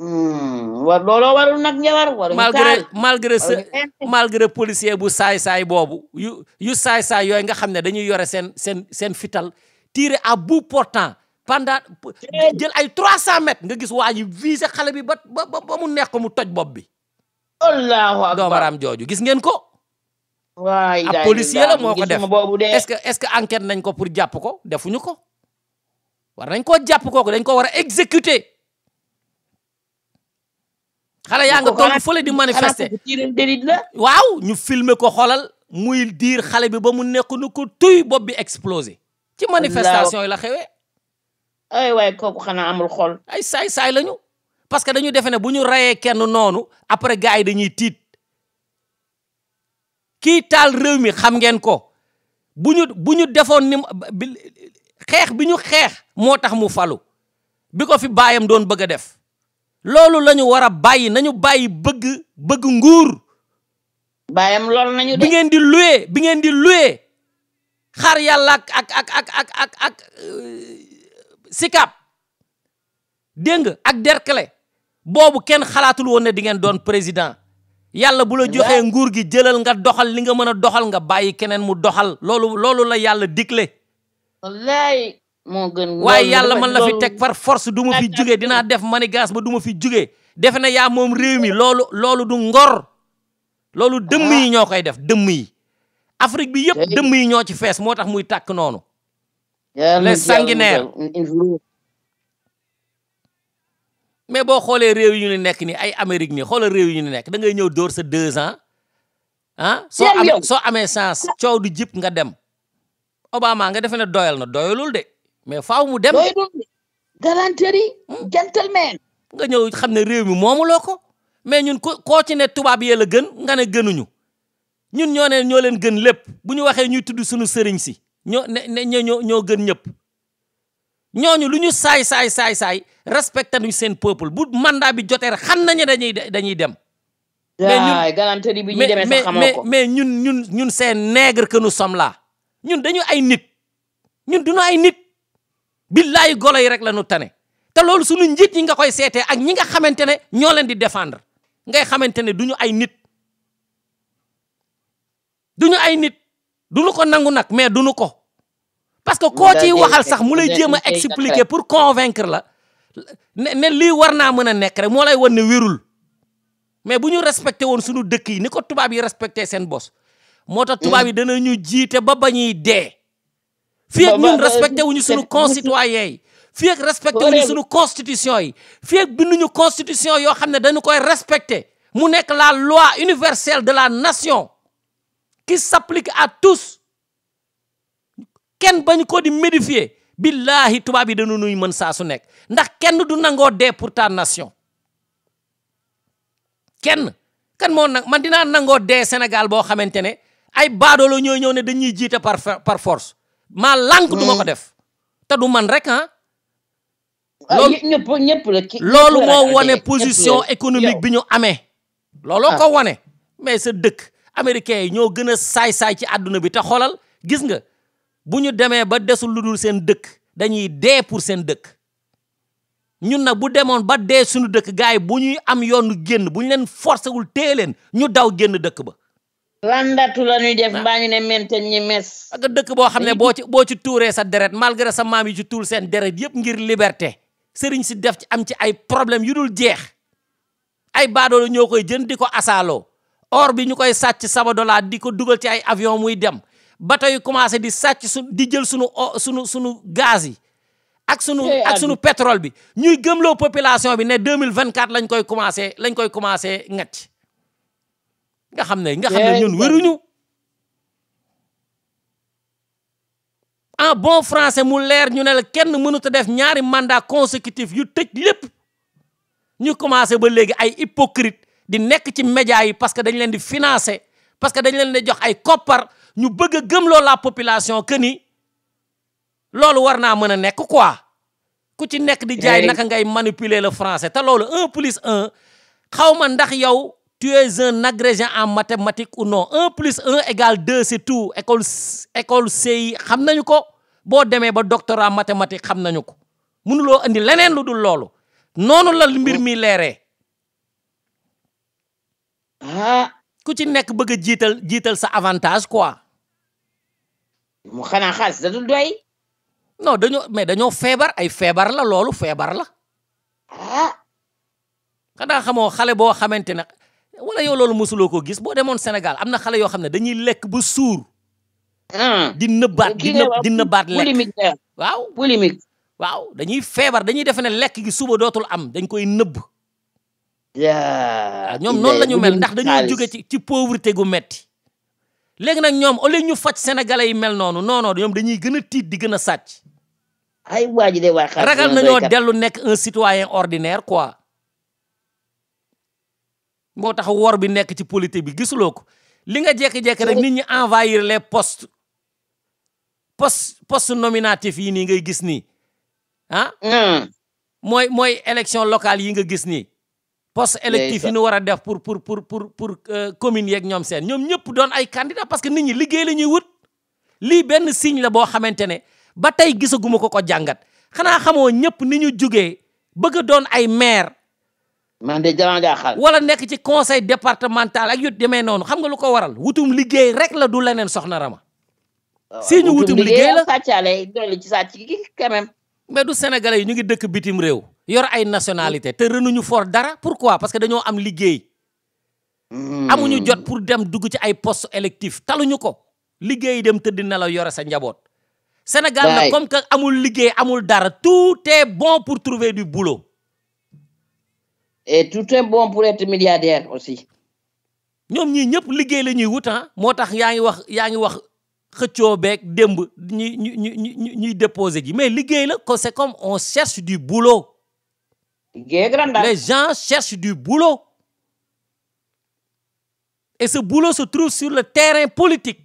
Hmm, war looloo warul nag njabar warul malgré malgré sa malgré policier bu saay-saay boobu yu yu saay-saay yooyu nga xam ne dañuy yore seen seen seen fital tiré à bout portant pendant jël ay 300 mètres nga gis waaj ji visé xale bi ba ba ba mu neex ko mu toj bopp bi allahu akbar doomaraam jooju gis ngeen ko waay ab policier la moo ko def est-ce que est-ce que enquête nañ ko pour jàpp ko defuñu ko war nañ ko jàpp ko dañ ko war a xale yaa nga toog fële di manifester waaw ñu filmer ko xoolal muy diir xale bi ba mu nekk nu ko tuy bopp bi explosé ci manifestation yi la xewe ay waaye kooku xanaa amul xol ay saay-saay lañu parce que dañu defe ne bu ñu reyee kenn noonu après gars yi dañuy tiit kii taal réew mi xam ngeen ko bu ñu bu ñu defoon ni xeex bi ñu xeex moo tax mu falu bi ko fi baayam doon bëgg a def loolu lañu ñu war a bàyyi nañu bàyyi bëgg bëgg nguur. bàyyam loolu nañu bi ngeen di loué bi ngeen di loué xaar yàlla ak ak ak ak ak ak ak euh, sikap dégg nga ak derkale boobu kenn xalaatul woon ne di ngeen doon président. yàlla bu la joxee nguur gi jëlal nga doxal li nga mën a doxal nga bàyyi keneen mu doxal loolu la yàlla digle. moo gën waaye yàlla man la fi teg par force du ma fi jugee dinaa def manigas ba duma fi jugee defe na yaa moom réew mi loolu loolu du ngor loolu dëmm yi ñoo koy def dëmm yi Afrique bi yëpp dëmm yi ñoo ci fees moo tax muy tàkk noonu les sanguinaires mais boo xoolee réew yu ñu nekk ni ay Amérique ni xoolal réew yu ñu nekk da ngay ñëw door sa deux ans ah soo amee soo amee du jip nga dem Obama nga defe ne doyal na doyalul de mais faaw mu dem looy dund galanterie hmm? gentleman nga ñëw xam ne réew mi moomu loo ko mais ñun ko koo ne tubaab yee la gën nga ne gënuñu ñun ñoo ne ñoo leen gën lépp bu ñu waxee ñu tudd suñu sëriñ si ñoo ne ñoo gën ñëpp ñooñu lu ñu saay saay saay saay respecté nañu seen peuple bu mandat bi jotee rek xam nañu dañuy dañuy dem. mais ñun galanterie bi ñuy demee sax xamoo mais ñun ñun ñun c'est nègre que nous sommes dañu ay nit ñun duñu ay nit. billaahi golo yi rek la nu tane te loolu suñu njiit ñi nga koy seetee ak ñi nga xamante ne ñoo leen di défendre ngay xamante ne du ñu ay nit du ñu ay nit du ñu ko nangu nag mais du ñu ko parce que koo ciy waxal sax mu lay jéem a expliquer pour convaincre la ne ne lii war naa mën a nekk rek moo lay wan ne wérul mais bu ñu respecté woon suñu dëkk yi ni ko tubaab yi respecté seen bos moo tax tubaab yi mm. dana ñu jiite ba ba ñuy dee fii ak ñun respecté wuñu suñu concitoyens yi fii ak respecté constitution yi fii ak binduñu constitution yoo xam ne dañu koy respecté mu nekk la loi universelle de la nation ki s'applique à tous kenn bañ ko di modifier billahi tubaab yi dañu nuy mën saa su nekk ndax kenn du nangoo dee pour ta nation kenn kan moo nag man dinaa nangoo dee Sénégal boo xamante ne ay baadoolo ñoo ñëw ne dañuy jiite par par force maa lànk du ko hmm. def te du man rek ah, ah loolu moo wane position économique bi ñu amee looloo ko ah. wane mais sa dëkk américains yi ñoo gën a saay-saay ci àdduna bi te xoolal gis nga bu ñu demee ba desul lu dul seen dëkk dañuy dee pour seen dëkk ñun nag bu demoon ba dee suñu dëkk gars yi bu ñuy am yoonu génn bu ñu leen forcé wul leen ñu daw génn dëkk ba landatu la ñuy def mbaa ñu ne menten ñi mes ak dëkk boo xam ne boo ci boo ci tuuree sa deret malgré sa maam yi ci tuul seen deret yëpp ngir liberté sëriñ si def ci am ci ay problème yu dul jeex ay baadoolu ñoo koy jënd di ko asaaloo or bi ñu koy sàcc saba dollar di ko dugal ci ay avion muy dem bato yu commencé di sàcc su di jël sunu sunu sunu gaz yi ak sunu ak sunu pétrole bi ñuy gëm loo population bi ne 2024 lañ koy commencé lañ koy commencé ngacc nga xam ne nga xam ne ñun wéruñu en bon français mu leer ñu ne la kenn mënut a def ñaari mandat consécutif yu tëj lépp ñu commencé ba léegi ay hypocrite di nekk ci média yi parce que dañ leen di financer parce que dañ leen di jox ay koppar ñu bëgg a gëmloo la population que ni loolu war naa mën a nekk quoi ku ci nekk di jaay naka ngay manipuler la francais te loolu un plus un xaw ma ndax yow tu es un agrégé en mathématiques ou non un plus un égale deux c'est tout école école CI xam nañu ko boo demee ba doctorat mathématique xam nañu ko mënuloo indi leneen lu dul loolu noonu la mbir mi leeree ah. ku ci nekk bëgg a jiital jiital sa avantage quoi mu xanaa xaalis da dul doy non dañoo mais dañoo feebar ay feebar la loolu feebar la ah. xanaa xamoo xale boo xamante wala yow loolu mosuloo ko gis boo demoon Sénégal am na xale yoo xam ne dañuy lekk ba suur. Hmm. di nëbbaat di nëb di nëbbaat lekk waaw polémique dañuy feebar dañuy defe lekk gi suba dootul am dañ koy nëbb. Ah, ñoom noonu la ñu mel ndax dañu jóge ci ci pauvreté gu metti léegi nag ñoom au ñu faj sénégalais yi mel noonu noonoo non ñoom dañuy gën a tiit di gën a sàcc. ay waay ji de waay ragal nañoo dellu nekk un citoyen ordinaire quoi. moo tax wor bi nekk ci politique bi gisuloo ko li nga jékki-jékki rek nit ñi envahir les post post poste nominatif yi nii ngay gis nii ah hmm. mooy mooy élection locale yi nga gis nii poste électif yi ñu war a def pour pour pour pour pour euh, commune yeeg ñoom seen ñoom ñëpp doon ay candidat parce que nit ñi liggéey la ñuy wut lii benn signe la boo xamante ne ba tey gisaguma ko ko jàngat xanaa xamoo ñëpp ni ñu jugee bëgg doon ay maire man de jalan jaaxal wala nekk ci conseil départemental ak yu demee noonu xam nga lu ko waral wutum liggéey rek la du leneen soxna Rama. Euh, si ñu wutum liggéey la sàccaale dolli ci sàcc gi quand mais du sénégalais yi ñu ngi dëkk bitim réew. yor ay nationalité te renuñu for dara pourquoi parce que dañoo am liggéey. Hmm. amuñu jot pour dem dugg ci ay poste électif ñu ko liggéey dem tëdd na la yore sa njaboot. Sénégal nag comme que amul liggéey amul dara tout est bon pour trouver du boulot. et tout est bon pour être milliardaire aussi. ñoom ñii ñëpp liggéey la ñuy wut ah. moo tax yaa ngi wax yaa ngi wax xëccoo beeg démb ñu ñu ñu ñuy déposé ji mais liggéey la ko c'est comme on cherche du boulot. liggéey grandal les gens cherchent du boulot. et ce boulot se trouve sur le terrain politique.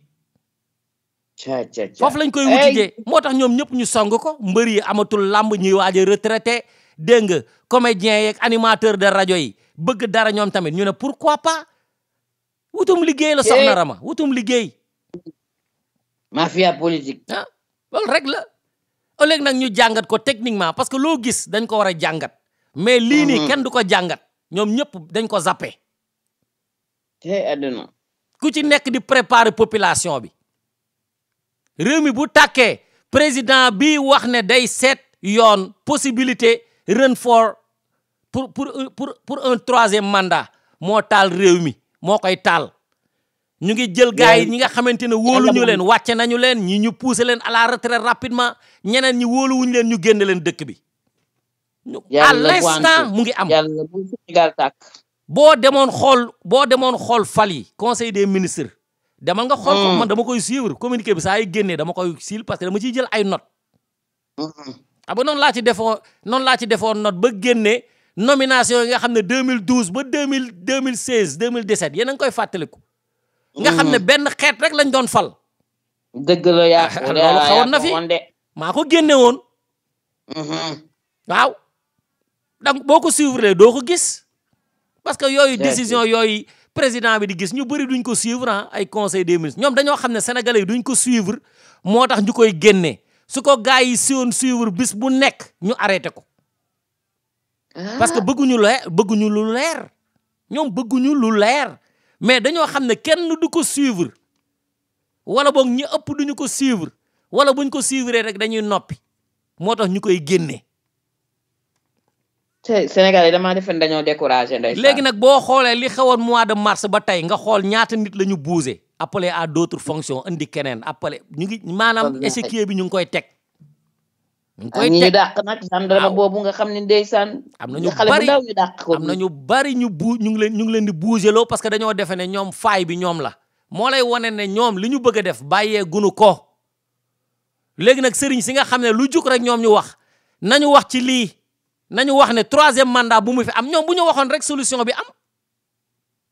ca ca ca foofu lañ koy wutijee moo tax ñoom ñëpp ñu song ko mbër yi amatul làmb ñuy waaj a retraité dégg nga comédiens yeeg animateur de rajo yi bëgg dara ñoom tamit ñu ne pourquoi pas wutum liggéey la soxna eh. Rama wutum liggéey. mafia politique. ah loolu nag ñu jàngat ko techniquement parce que loo gis dañ ko war a jàngat. mais lii nii mhm. kenn du ko jàngat ñoom ñëpp dañ ko zappé. tey ku ci nekk di préparer population bi. réew mi bu tàkkee président bi wax ne day seet yoon possibilité ren foor pour pour pour pour un troisième mandat moo taal réew mi moo koy taal ñu ngi jël gars yi ñi nga xamante ne wóoluñu leen wàcce nañu leen ñi ñu poussé leen à la retraite rapidement ñeneen ñi wóoluwuñu leen ñu génne leen dëkk bi a à l'instant mu ngi am boo demoon xool boo demoon xool fal yi conseil des ministres demal nga xool ko hmm. dama koy suivre communiqué bi saa yi génnee dama koy siil parce que dama ciy jël ay notes hmm. aba ah noonu laa ci defoon noonu laa ci defoon note ba génne nomination yi nga xam ne 2012 ba 2000 2016 2017 yéen a ngi koy fàttaliku. nga xam ne mm. benn xeet rek lañ doon fal. dëgg la yaa loolu xawoon fi maa ko génne woon. Mm-hmm. waaw donc boo ko suivre doo ko gis. parce que yooyu décision yooyu président bi di gis ñu bëri duñ ko suivre ah, ay conseil des ministres ñoom dañoo xam ne sénégalais yi duñ ko suivre moo tax ñu koy génne. su ko gars yi siwoon suivre bis bu nekk ñu arrêté ko. Ah. parce que bëgguñu leer bëgguñu lu leer ñoom bëgguñu lu leer mais dañoo xam ne kenn du ko suivre wala boog ñu ëpp duñu ko suivre wala buñ ko suivre rek dañuy noppi moo tax ñu koy génnee. Sénégal yi damaa defe dañoo découragé. léegi nag boo xoolee li xewoon mois de mars ba tey nga xool ñaata nit la ñu bousee appelé à d'autres fonctions indi keneen appelé ñu ngi maanaam échiquier bi ñu ngi koy teg. ñu ngi teg dàq nag gendarme boobu nga xam ne ndeysaan. am na ñu bari ñu na ñu bari ñu bu ñu ngi leen ñu ngi leen di bougeloo parce que dañoo defe ne ñoom faay bi ñoom la. moo lay wane ne ñoom li ñu bëgg a def bàyyee gunu ko léegi nag sëriñ si nga xam ne lu juk rek ñoom ñu wax nañu wax ci lii nañu wax ne troisième mandat bu mu fi am ñoom bu ñu waxoon rek solution bi am.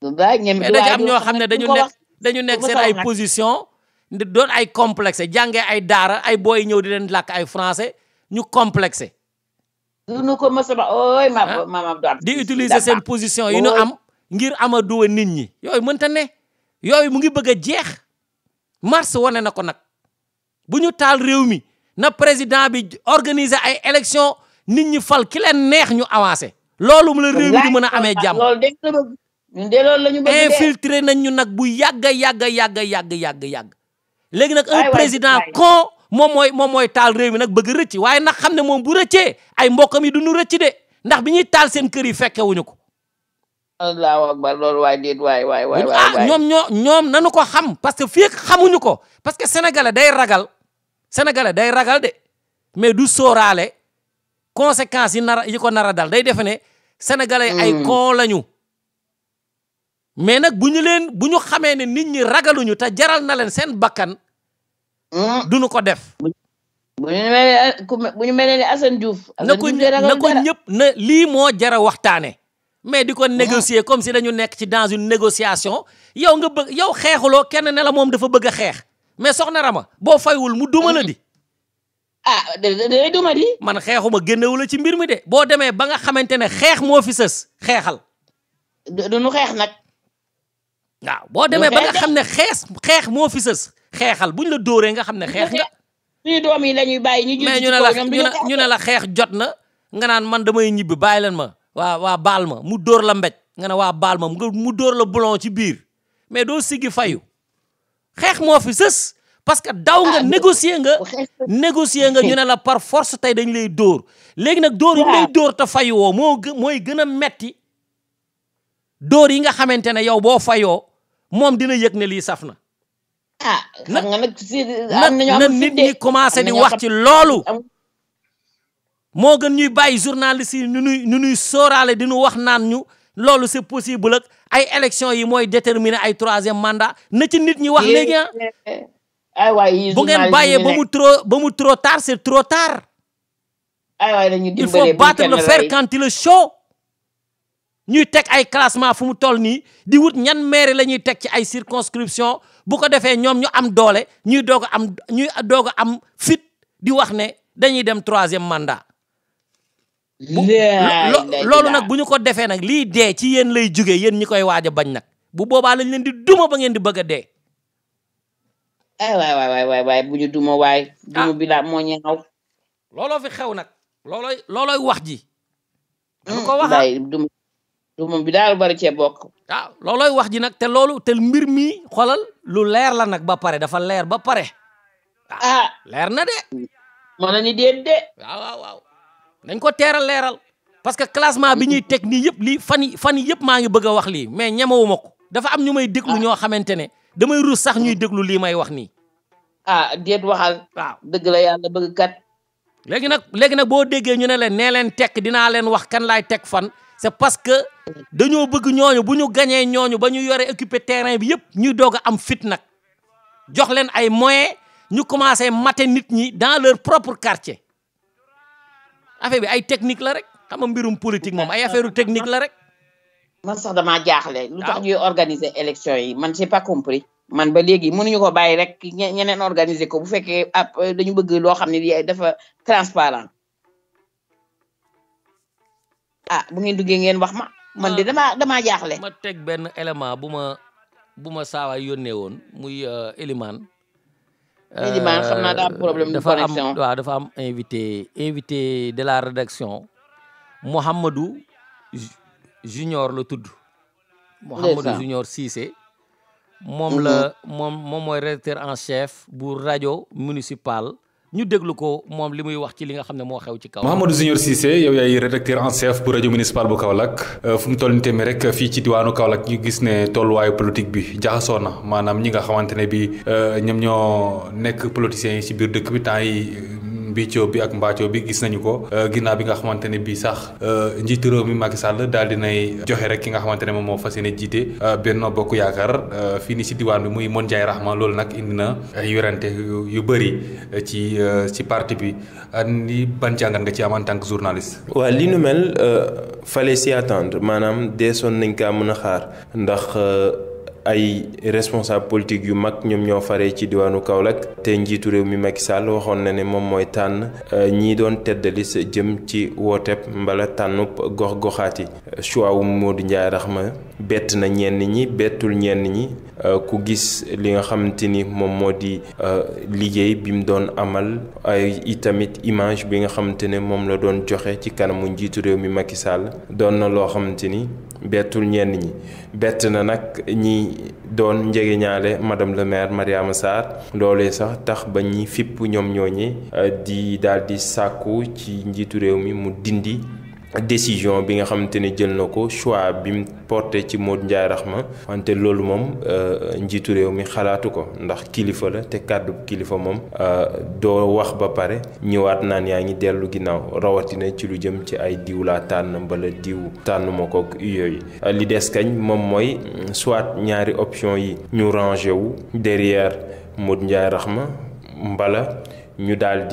mais dañu am ñoo xam ne dañu nekk dañu nekk seen ay position di doon ay complexe jànge ay daara ay booy ñëw di leen lakk ay français ñu complexe duñu ko mos a ooy di utiliser seen position yi ñu am ngir am amaduwa nit ñi yooyu mënta ne yooyu mu ngi bëgg a jeex mars wane na ko nag bu ñu taal réew mi na président bi organiser ay élection nit ñi fal ki neex ñu avancé loolu mu la réew mi di mën a amee jàmm ñun de loolu la ñu bëgg infiltré nañ ñu nag bu yàgg yàgg yàgg yàgg yàgg yàgg. léegi nag un président con moom mooy moom mooy taal réew mi nag bëgg rëcc waaye nag xam ne moom bu rëccee ay mbokkam yi du ñu rëcc de ndax bi ñuy taal seen kër yi fekkewuñu ko. allahu akbar loolu waay déet waay waay waay ah ñoom ñoo ñoom nanu ko xam parce que fii xamuñu ko parce que sénégalais day ragal sénégalais day ragal de mais du sóoraale conséquences yi nara yi ko nara dal day defe ne sénégalais ay mm. con lañu. mais nag bu ñu leen bu ñu xamee ne nit ñi ragaluñu ta jaral na leen seen bakkan. Hmm. duñu ko def. bu ñu melee bu ñu melee ni Assane Diouf. na ko na ko ñëpp na lii moo jara waxtaane mais di ko hmm. négocier comme si dañu nekk ci dans une négociation yow nga bëgg yow xeexuloo kenn ne la moom dafa bëgg a xeex mais soxna Rama boo faywul mu duma la di. ah day duma di. man xeexuma génnewu la ci mbir mi de boo demee ba nga xamante ne xeex moo fi sës xeexal. du nu xeex nag. waaw boo demee ba nga xam ne xeex xeex moo fi sës xeexal buñ la dóoree nga xam ne xeex nga. suñu doom yi la ñuy bàyyi ñu. mais ñu ne la ñu ne la xeex jot na nga naan man damay ñibbi bàyyi leen ma waa baal ma mu dóor la mbéj nga ne waa baal ma mu dóor la bulon ci biir mais doo siggi fayu xeex moo fi sës parce que daw nga ah, négocier nga négocier nga ñu ne la par force tey dañ lay dóor léegi nag dóor yi lay dóor te mooy gën a metti dóor yi nga xamante ne yow boo fayoo moom dina yëg ne lii saf na. ah nag si am na ñoo nit ñi commencé di wax ci loolu. moo gën ñuy bàyyi journaliste yi nu nuy nu ñuy sóoraale di ñu wax naan ñu loolu c'est possible ay élection yi mooy déterminer ay troisième manda na ci nit ñi wax léegi ah. bu ngeen bàyyee ba mu trop ba mu trop tard c'est trop tard. il faut battre le fer quand il est chaud. ñuy teg ay classement fu mu toll nii di wut ñan maire la ñuy teg ci ay circonscription bu ko defee ñoom ñu am doole ñuy doog a am ñuy doog a am fit di wax ne dañuy dem troisième manda loolu nag bu ñu ko defee nag lii dee ci yéen lay jóge yéen ñu koy waaj a bañ nag bu boobaa lañu leen di duma ba ngeen di bëgg a dee ay waay waay waay bu ñu duma waay duma ah. bi laa moo ñaaw looloo fi xew nag loolooy loolooy wax ji lu ko hmm, wax du bi daal bari cee bokk. waaw loolooy wax ji nag te loolu tel mbir mi xoolal lu leer la nag ba pare dafa leer ba pare. ah leer na de. mën nañu déet de. waaw waaw waaw nañ ko teeral leeral. parce que classement bi ñuy teg yëpp lii fan yi fan yëpp maa ngi bëgg a wax lii mais ñemewuma ko. dafa am ñu may déglu ah. ñoo xamante ne damay rus sax ñuy déglu lii may wax nii. ah déet waxal. waaw dëgg la yàlla bëgg kat. léegi nag léegi nag boo déggee ñu ne leen nee leen tekk dinaa leen wax kan laay teg fan. c'est parce que dañoo bëgg ñooñu bu ñu gañee ñooñu ba ñu yore occupé terrain bi yëpp ñuy doog a am fit nag jox leen ay moyens ñu commencé mater nit ñi dans leur propre quartier affaire bi ay technique la rek xam mbirum politique moom ay affaire technique la rek. man sax damaa jaaxle. lu tax ñuy organiser élection yi man j'ai pas compris. man ba léegi mënuñu ko bàyyi rek ñeneen organiser ko bu fekkee dañu bëgg loo xam ne dafa transparent ah bu ngeen duggee ngeen wax ma man de ah. damaa damaa jaaxle. ma teg benn élément bu ma bu ma saawaay yónnee woon muy euh, Elimane. Euh, Elimane problème de connexion. dafa am invité invité de la rédaction Mouhamadou Junior la tudd. Mouhamadou Junior Cissé. moom mhm. la moom moom mooy rédacteur en chef bu rajo municipal ñu déglu ko moom li muy wax ci li nga xam ne moo xew ci Kaolack. Mahamadou Junior Cissé yow yaay rédacteur en chef bu rajo municipal bu Kaolack euh, fu mu toll nii tamit rek fii ci diwaanu Kaolack ñu gis ne tolluwaayu politique bi jaxasoo na maanaam ñi nga xamante ne bi euh, ñoom ñoo nekk politiciens yi ci biir dëkk bi temps yi mbiccoo bi ak mbaccoo bi gis nañu ko euh, ginnaaw bi nga xamante ne bii sax euh, njiitu réew mi Macky Sall daal dinay joxe rek ki nga xamante ne moom moo fas yéene jiite euh, Benno Bokk Yaakaar fii ni si diwaan bi muy Mon Ndiaye Rahma loolu nag indi na ay yorente yu bëri ci ci parti bi ni ban jàngat nga ci am en tant que journaliste. waaw li nu mel fallait s'y attendre maanaam deesoon nañ kaa mën a xaar ndax. ay responsable politique yu mag ñoom ñoo faree ci diwaanu Kaolack te njiitu réew mi Macky Sall waxoon na ni moom mooy tànn euh, ñi doon teddali sa jëm ci wooteb mbala tànnub gox goxaati choix wu Modou Ndiaye Rahma bett na ñenn ñi bettul ñenn ñi euh, ku gis li nga xamante ni moom moo di euh, liggéey bi mu doon amal ay itamit image bi nga xamante ne moom la doon joxe ci kanamu njiitu réew mi Macky sàll doon na loo xamante ni bettul ñenn ñi bett na nag ñi doon njegeñaale madame le maire Mariama Sarr loolee sax tax ba ñi fipp ñoom ñooñe euh, di daal di sàkku ci njiitu réew mi mu dindi décision bi nga xamante ne jël na ko choix bi mu porté ci Modou Ndiaye ma wante loolu moom euh, njiitu réew mi xalaatu ko ndax kilifa la te kàddu kilifa moom euh, doo wax ba pare ñëwaat naan yaa ngi dellu ginnaaw rawatina ci lu jëm ci ay diw laa tànn mbala diw tànn ma ko yooyu euh, li des kañ moom mooy soit ñaari option yi ñu rangé wu derrière Modou Ndiaye ma mbala ñu daal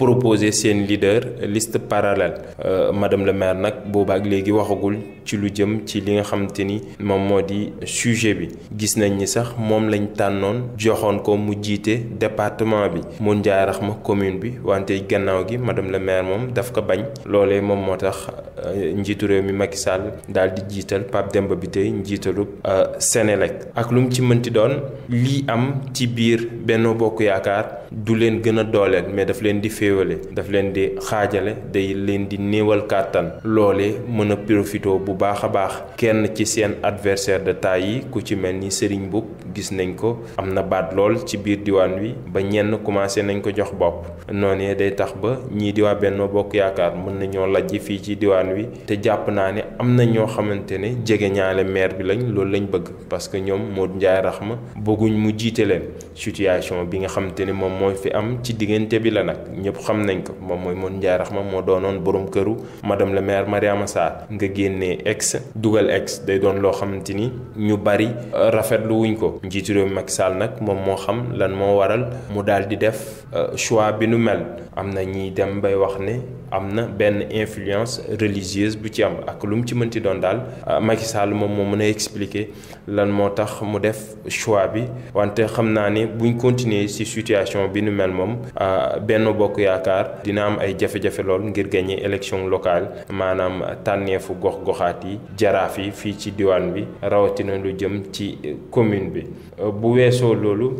proposer seen leader liste parallèle euh, madame le maire nag booba ak léegi waxagul ci lu jëm ci li nga xamante ni moom moo di sujet bi gis nañ ni sax moom lañ tànnoon joxoon ko mu jiite département bi mun jaarax ma commune bi wante gannaaw gi madame le maire moom daf ko bañ loole moom moo tax euh, njiitu réew mi Macky Sall daal di jiital Pape Demba bi tey njiitalub euh, Sénélec ak lu mu ci mënti doon lii am ci biir Benno Bokk Yaakaar du leen gën dooleel mais daf leen féewale daf leen di xaajale day leen di néewal kàttan loole mën a profito bu baax a baax kenn ci seen adversaire de taille yi ku ci mel ni Serigne Mboup gis nañ ko am na baat lool ci biir diwaan wi ba ñenn commencé nañ ko jox bopp noonee day tax ba ñii di waa Benno Bokk Yaakaar mën nañoo lajj fii ci diwaan wi te jàpp naa ne am na ñoo xamante ne jege ñaale maire bi lañ loolu lañ bëgg parce que ñoom Modou Ndiaye Rahma bëgguñ mu jiite leen situation bi nga xamante ni moom moo fi am ci diggante bi la nag ñëpp xam nañ ko moom mooy Modou Ndiaye Rahma moo doonoon boroom këru madame le maire Mariama Sarr nga génnee ex dugal ex day doon loo xamante ni ñu bari rafetlu wuñ ko njiitu réew mi Macky nag moom moo xam lan moo waral mu daal di def euh, choix bi nu mel am na ñiy dem bay wax ne am na benn influence religieuse bu ci am ak lu mu ci mënti doon daal euh, Macky Sall moom moo mën a expliquer lan moo tax mu def choix bi wante xam naa ni ni buñ continuer ci situation bi nu mel moom euh, benn bokk yaakaar dina am ay jafe-jafe lool ngir gagner élection locale maanaam tànneefu gox-goxaat yi jaraaf yi fii ci diwaan bi rawatina lu jëm ci euh, commune bi euh, bu weesoo loolu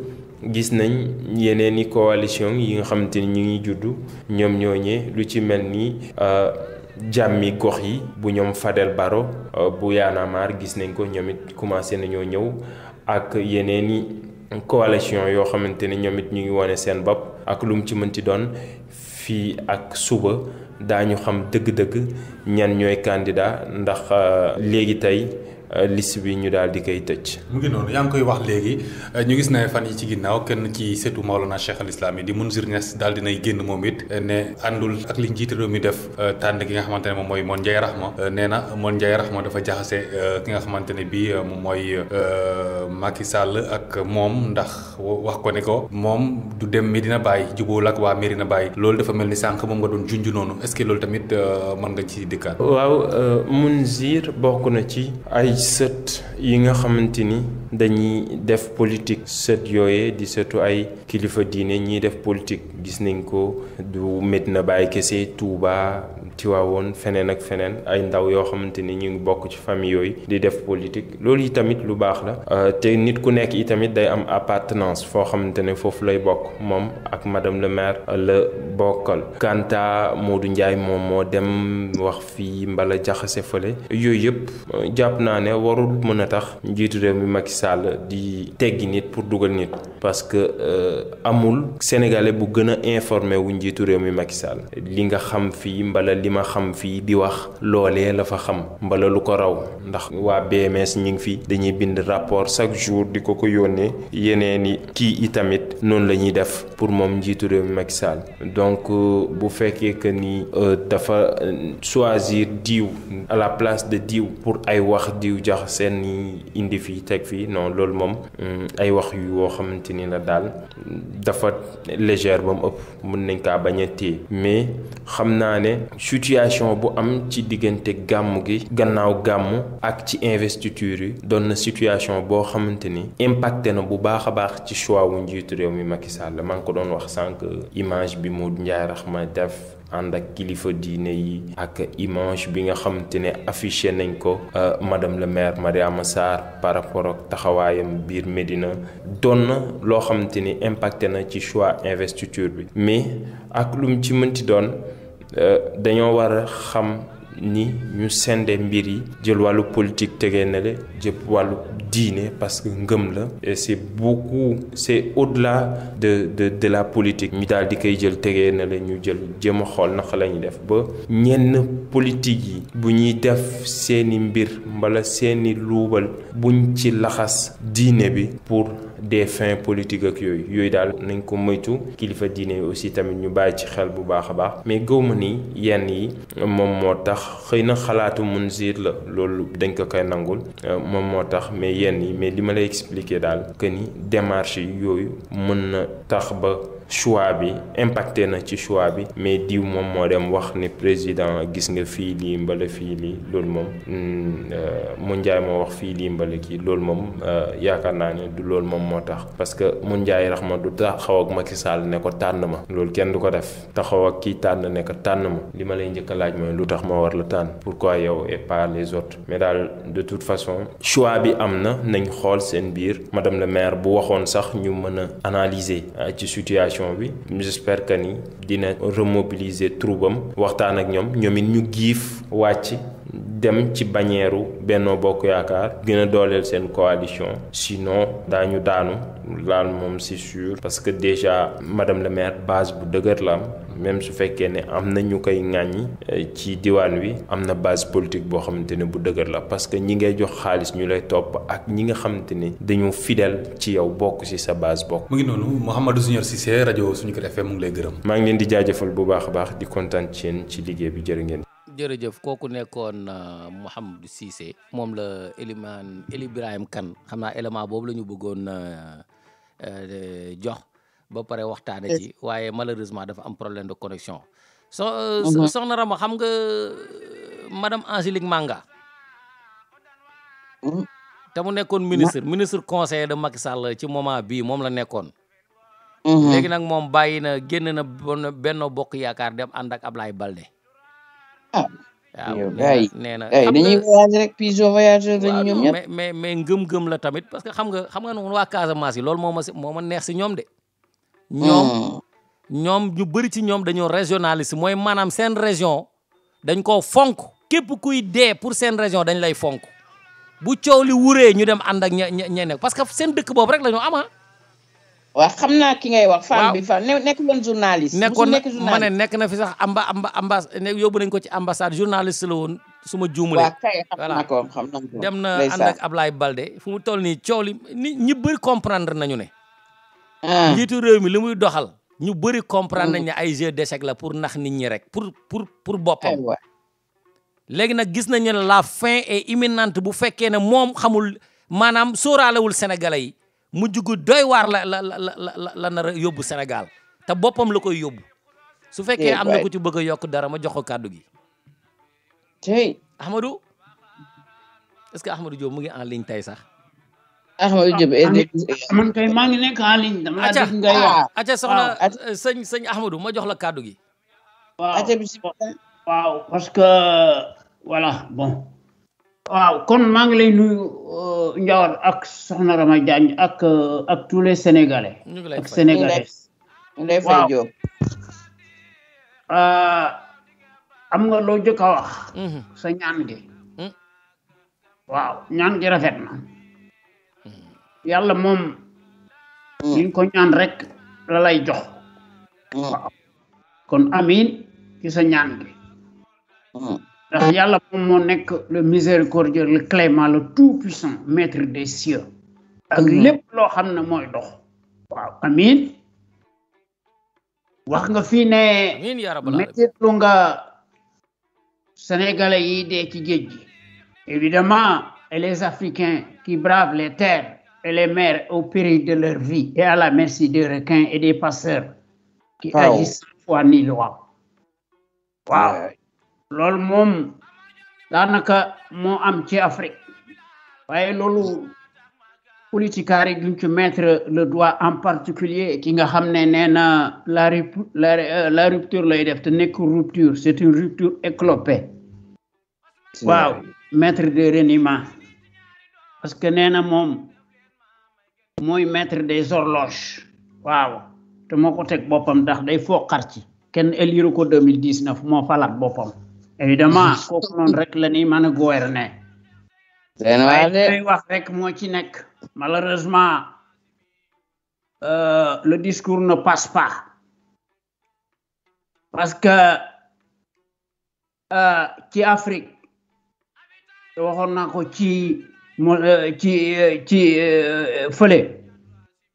gis nañ yeneen i coalition yi nga xamante ni ñu ngi juddu ñoom ñooñee lu ci mel ni jàmmi gox yi bu ñoom Fadel Baro bu Y'en a gis nañ ko ñoom it commencé nañoo ñëw ak yeneen i coalition yoo xamante ne ñoom it ñu ngi wone seen bopp ak lu mu ci mënti doon fii ak suba daañu xam dëgg-dëgg ñan ñooy candidat ndax euh, léegi tey Euh, liste bi ñu daal di koy tëj. mu ngi noonu yaa ngi koy wax léegi euh, ñu gis ne fan yi ci ginnaaw kenn ci setu Maolana Cheikh al Islam yi di Mounzir Niass daal dinay génn moom it euh, ne àndul ak li njiit réew mi def tànn ki nga xamante ne moom mooy Moon Ndiaye Rahma nee na Moon Ndiaye Rahma dafa jaxase ki nga xamante ne bii moom mooy Macky Sall ak moom ndax wax ko ne ko moom du dem mi Medina Baye jubóol ak waa Medina bàyyi loolu dafa mel ni sànq moom nga doon junj noonu est-ce que loolu tamit mën nga ci dikkaat. waaw Mounzir bokk na ci ay. ay sët yi nga xamante ni dañuy def politique sët yooyee di sëtu ay kilifa diine ñiy def politique gis nañ ko du Medina Baye kese Touba. Tiwaawoon feneen ak feneen ay ndaw yoo xamante ni ñu ngi bokk ci famille yooyu di def politique loolu yi tamit lu baax la euh, te nit ku nekk yi tamit day am appartenance foo xamante ne foofu lay bokk moom ak madame le maire la bokkal Kanta Modou Ndiaye moom moo dem wax fii mbala jaxase fële yooyu yëpp euh, jàpp naa ne warul mën a tax njiitu réew mi Macky Sall di teggi nit pour dugal nit parce que euh, amul sénégalais bu gën a informé wu njiitu réew mi Macky Sall li nga xam li xam fii di wax loolee la fa xam mbala lu ko raw ndax waa BMS ñu ngi fi dañuy bind rapport chaque jour di ko ko yónnee yeneen i kii itamit noonu la def pour moom njiitu réew mi Macky Sall donc euh, bu fekkee que ni euh, dafa euh, choisir diw à la place de diw pour ay wax diw jax seen indi fii teg fii non loolu moom mm, ay wax yu woo xamante ni la daal dafa légère ba mu ëpp mën nañ kaa bañ a téye mais xam naa ne situation bu am ci diggante gàmm gi gannaaw gàmm ak ci investiture yi doon na situation boo xamante ni impacté na bu baax a baax ci choix wu njiitu réew mi Macky Sall maa ngi ko doon wax sànq image bi Modou Ndiaye Rahma def. ànd ak kilifa diine yi ak image bi nga xamante ne affiché nañ ko euh, madame le maire Mariama Sarr par rapport ak taxawaayam biir Médina doon na loo xamante ni impacté na ci choix investiture bi mais ak lum ci mënti doon Euh, dañoo war a xam ni ñu sende mbir yi jël wàllu politique tegee nale jëpp wàllu diine parce que ngëm la et c'est beaucoup c'est au de de de la politique ñu daal di koy jël tegee na la ñu jël jéem a xool naka la def ba ñenn politique yi bu ñuy def seeni mbir mbala seeni luubal buñ ci laxas diine bi pour des fins politiques ak yooyu yooyu daal nañ ko moytu kilifa diine aussi tamit ñu bàyyi ci xel bu baax a baax mais ma ni yenn yi moom moo tax xëy na xalaatu Mounzir la loolu dañ ko koy nangul euh, moom moo tax mais yenn yi mais li ma lay expliquer daal que ni démarche yi yooyu mën na tax ba choix bi impacté na ci choix bi mais diw moom moo dem wax ni président gis nga fii lii mbala fii lii loolu moom mm, euh, Moundiaye moo wax fii lii mbala kii loolu moom euh, yaakaar naa ne du loolu moom moo tax parce que Moundiaye rax ma du taxaw ak Macky Sall ne ko tànn ma loolu kenn du ko def taxaw ak kii tànn ne tànn ma li ma lay njëkk a laaj mooy lu tax ma war la tànn pourquoi yow et pas les autres mais daal de toute façon choix bi am na nañ xool seen biir madame le maire bu waxoon sax ñu mën a analyser euh, ci situation association bi j'espère que ni dina remobiliser troubam waxtaan ak ñoom ñoom it ñu giif wàcc dem ci bañeeru Benno Bokk Yaakaar gën a dooleel seen coalition sinon daañu daanu laal moom si sûr parce que déjà madame le maire base bu dëgër la même su fekkee ne am na ñu koy ŋàññi euh, ci diwaan wi am na base politique boo xamante ne bu dëgër la parce que ñi ngay jox xaalis ñu lay topp ak ñi nga xamante ni dañu fidèle ci yow bokk ci sa base bokk. mu ngi noonu Mouhamadou Junior Cissé rajo suñu ko defee mu ngi lay gërëm. maa ngi leen di jaajëfal bu baax a baax di kontaan ci yéen ci liggéey bi jërë ngeen. jërëjëf kooku nekkoon euh, Mouhamadou Cissé moom la Eliman Eli Ibrahim Kane xam naa élément boobu la ñu bëggoon euh, jox ba pare waxtaane ci waaye malheureusement dafa am problème de connexion so uh-huh. soxna Rama xam nga euh, madame Angélique Manga hmm? te mu nekkoon ministre ministre conseiller de Macky Sall ci moment bii moom la nekkoon uh-huh. léegi nag moom bàyyi na génn na Benno Bokk Yaakaar dem ànd ak Ablaye Balde ah waaw nee na dañuy voyage mais ngëm-ngëm la tamit parce que xam nga xam nga noonu waa Casamance yi loolu moo ma si ma neex si ñoom de ñoom hmm. ñoom ñu bëri ci ñoom dañoo régionaliste mooy maanaam seen région dañ koo fonk képp kuy dee pour seen région dañ lay fonk bu coow li wuree ñu dem ànd ak ña ña parce que seen dëkk boobu rek la amaa ama ah. xam naa ki ngay wax. femme bi fa nekk woon journaliste. nekkoon ma ne nekk na fi sax amba amba amba yóbbu nañ ko ci ambassade journaliste la woon su ma juumalee. waaw kay xam naa dem na ànd ak Ablaye Balde fu mu toll nii coow li nit ñi comprendre nañu ne. Ah. njiitu réew mi li muy doxal ñu bëri comprendre nañ mm. ne ay jeu d'échec la pour nax nit ñi rek pour pour pour boppam eh léegi nag gis nañ ne la fin est imminente bu fekkee ne moom xamul maanaam sóoraalewul sénégalais yi mujj gu doy waar la la la la nar a yóbbu senegal te boppam la koy yóbbu su fekkee am na ku ci bëgg a yokk dara ma jox ko kàddu gi tey Ahmadou est-ce que Ahmadou Diop mu ngi en ligne tey sax Ahmadou ah, eh, Diop man kay maa ngi nekk en ligne dama ah, eh, sëñ sëñ Ahmadou ma jox la kàddu gi waaw waaw parce que voilà bon waaw kon maa ngi lay nuyu euh, Ndiawar ak soxna Rama Diagne ak euh, ak tous les sénégalais ak sénégalaises waaw euh, am nga loo jëkk a wax mhm. sa ñaan gi mhm. waaw ñaan gi rafet na yàlla moom mm. liñ ko ñaan rek la lay jox mm. kon amin ci sa ñaan gi mm. yàlla moom moo nekk le miséricordieux le clément le tout puissant maître ak lépp loo xam ne mooy dox waaw amin wax nga fii ne méttitlu nga sénégalais yi dee ci géej gi évidemment et africains qui bravent les terres et les mères au de leur vie et à la merci des requins et des passeurs qui wow. sans foi ni loi waaw loolu moom daanaka moo am ci Afrique waaye loolu politicaar yi duñ ci mettre le doigt en particulier ki nga xam ne nee na la la euh, la rupture lay def te nekk rupture c'est une rupture éclope waaw maître de reniement parce que nee na mooy maître des horloges waaw te moo ko teg boppam ndax day foqar ci kenn éliru ko 2019 moo falaat boppam évidemment kooku noonu rek la ni mën a gouverner waaye wax rek moo ci nekk malheureusement euh, le discours ne passe pas parce que euh, ci Afrique te waxoon naa ci mo ci ci fële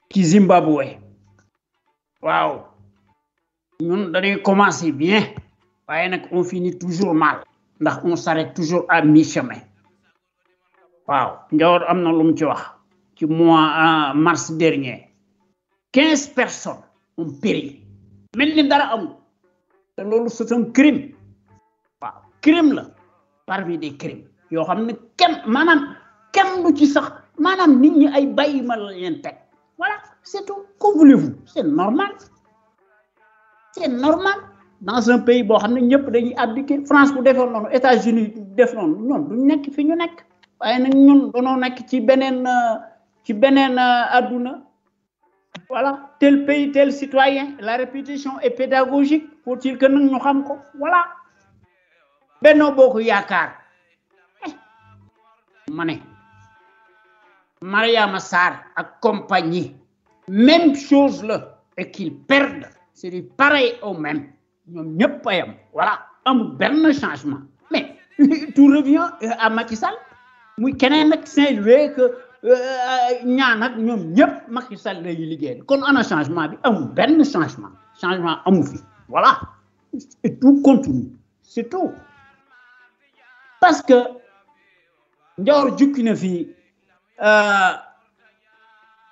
ci Zimbabwe waaw ñun dañuy commencer bien waaye nag on finit toujours mal ndax on s'arrête toujours à mi-chemin waaw Njawar am na lu mu ci wax ci mois euh, mars dernier quinze personnes ont péri mel ni dara amul loolu c'est crime waaw crime la parmi des crimes yoo xam ne kenn maanaam kenn du ci sax maanaam nit ñi ay bàyyi ma la leen teg voilà c'est tout que voulez-vous c'est normal c'est normal dans un pays boo xam ne ñëpp dañuy abdiquer France bu defoon noonu États-Unis def noonu ñoom duñ nekk fi ñu nekk waaye nag ñun danoo nekk ci beneen ci beneen euh, adduna voilà tel pays tel citoyen la répétition est pédagogique faut-il que nag ñu xam ko voilà Benno Bokk Yaakaar eh, ma ne Mariama Sarr ak compagnie même chose la et qu'ils perdent c'est du pareil au même ñoom ñëpp voilà amul benn changement mais tout revient euh, à Macky muy keneen ak Saint-Louis que euh, ñaan ak ñoom ñëpp Macky Sall la ñuy liggéeyal kon ana changement bi amul benn changement changement amu fi voilà et tout continue c'est tout parce que Ndiawar jukki na fii. Euh,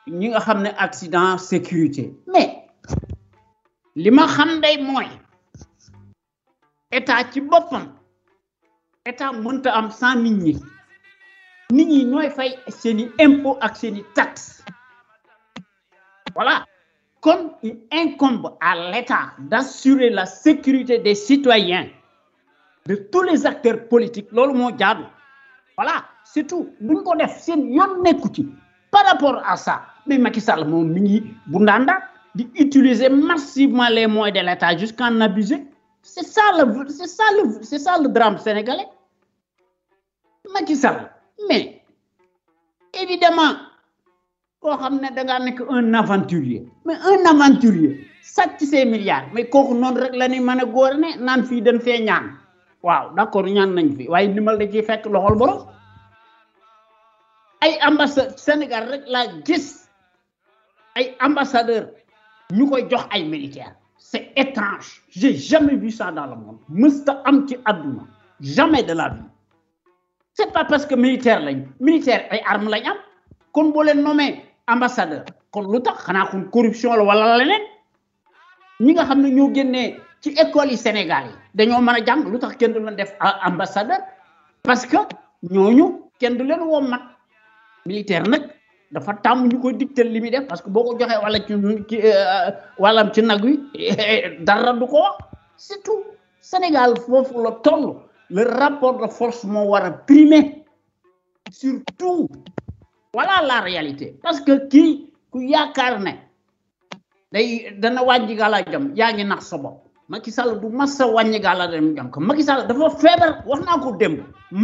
ñi nga xam ne accident sécurité mais li ma xam day mooy état ci boppam état mënta am sans nit ñi nit ñi ñooy fay seeni impo ak seeni taxe wala comme il incombe à l'État d'assurer la sécurité des citoyens de tous les acteurs politiques loolu moo jaadu voilà surtout tout buñ ko def seen yoon nekku ci par rapport à sa mais Macky moom mi ngi bu ndaanda di utiliser massivement les moyens de l'État jusqu'à en abuser c'est ça le c'est ça le c'est ça le drame sénégalais Macky Sall mais évidemment koo xam ne da ngaa nekk un aventurier mais un aventurier sàcc ses milliards mais kooku noonu rek la ñuy mën a góor ne naan fii dañ fee ñaan waaw d'accord ñaan nañ fi waaye ndimbal da ciy fekk loxol borom ay ambassade Sénégal rek laa gis ay ambassadeur ñu koy jox ay militaires c'est étrange j'ai jamais vu ça moom le mësta am ci àdduna jamais de la vie c'est pas parce que militaire lañ militaire ay armes lañ am kon boo leen nommé ambassadeur kon lu tax xanaa kon corruption la wala leneen ñi nga xam ne ñoo génnee ci école yi Sénégal dañoo mën a jàng lu tax kenn du leen def ambassadeur parce que ñooñu kenn du leen woo mat militaire nag dafa tàmm ñu ko digtal li muy def parce que boo ko joxee wala ci ci euh, ci nag wi dara du ko surtout Sénégal foofu la toll le rapport de force moo war a primer surtout voilà la réalité parce que kii ku yaakaar ne day dana wàññi gàllankooram yaa ngi nax sa bopp Macky Sall du mas a wàññi gaal dem jàng ko Macky Sall dafa feebar wax naa ko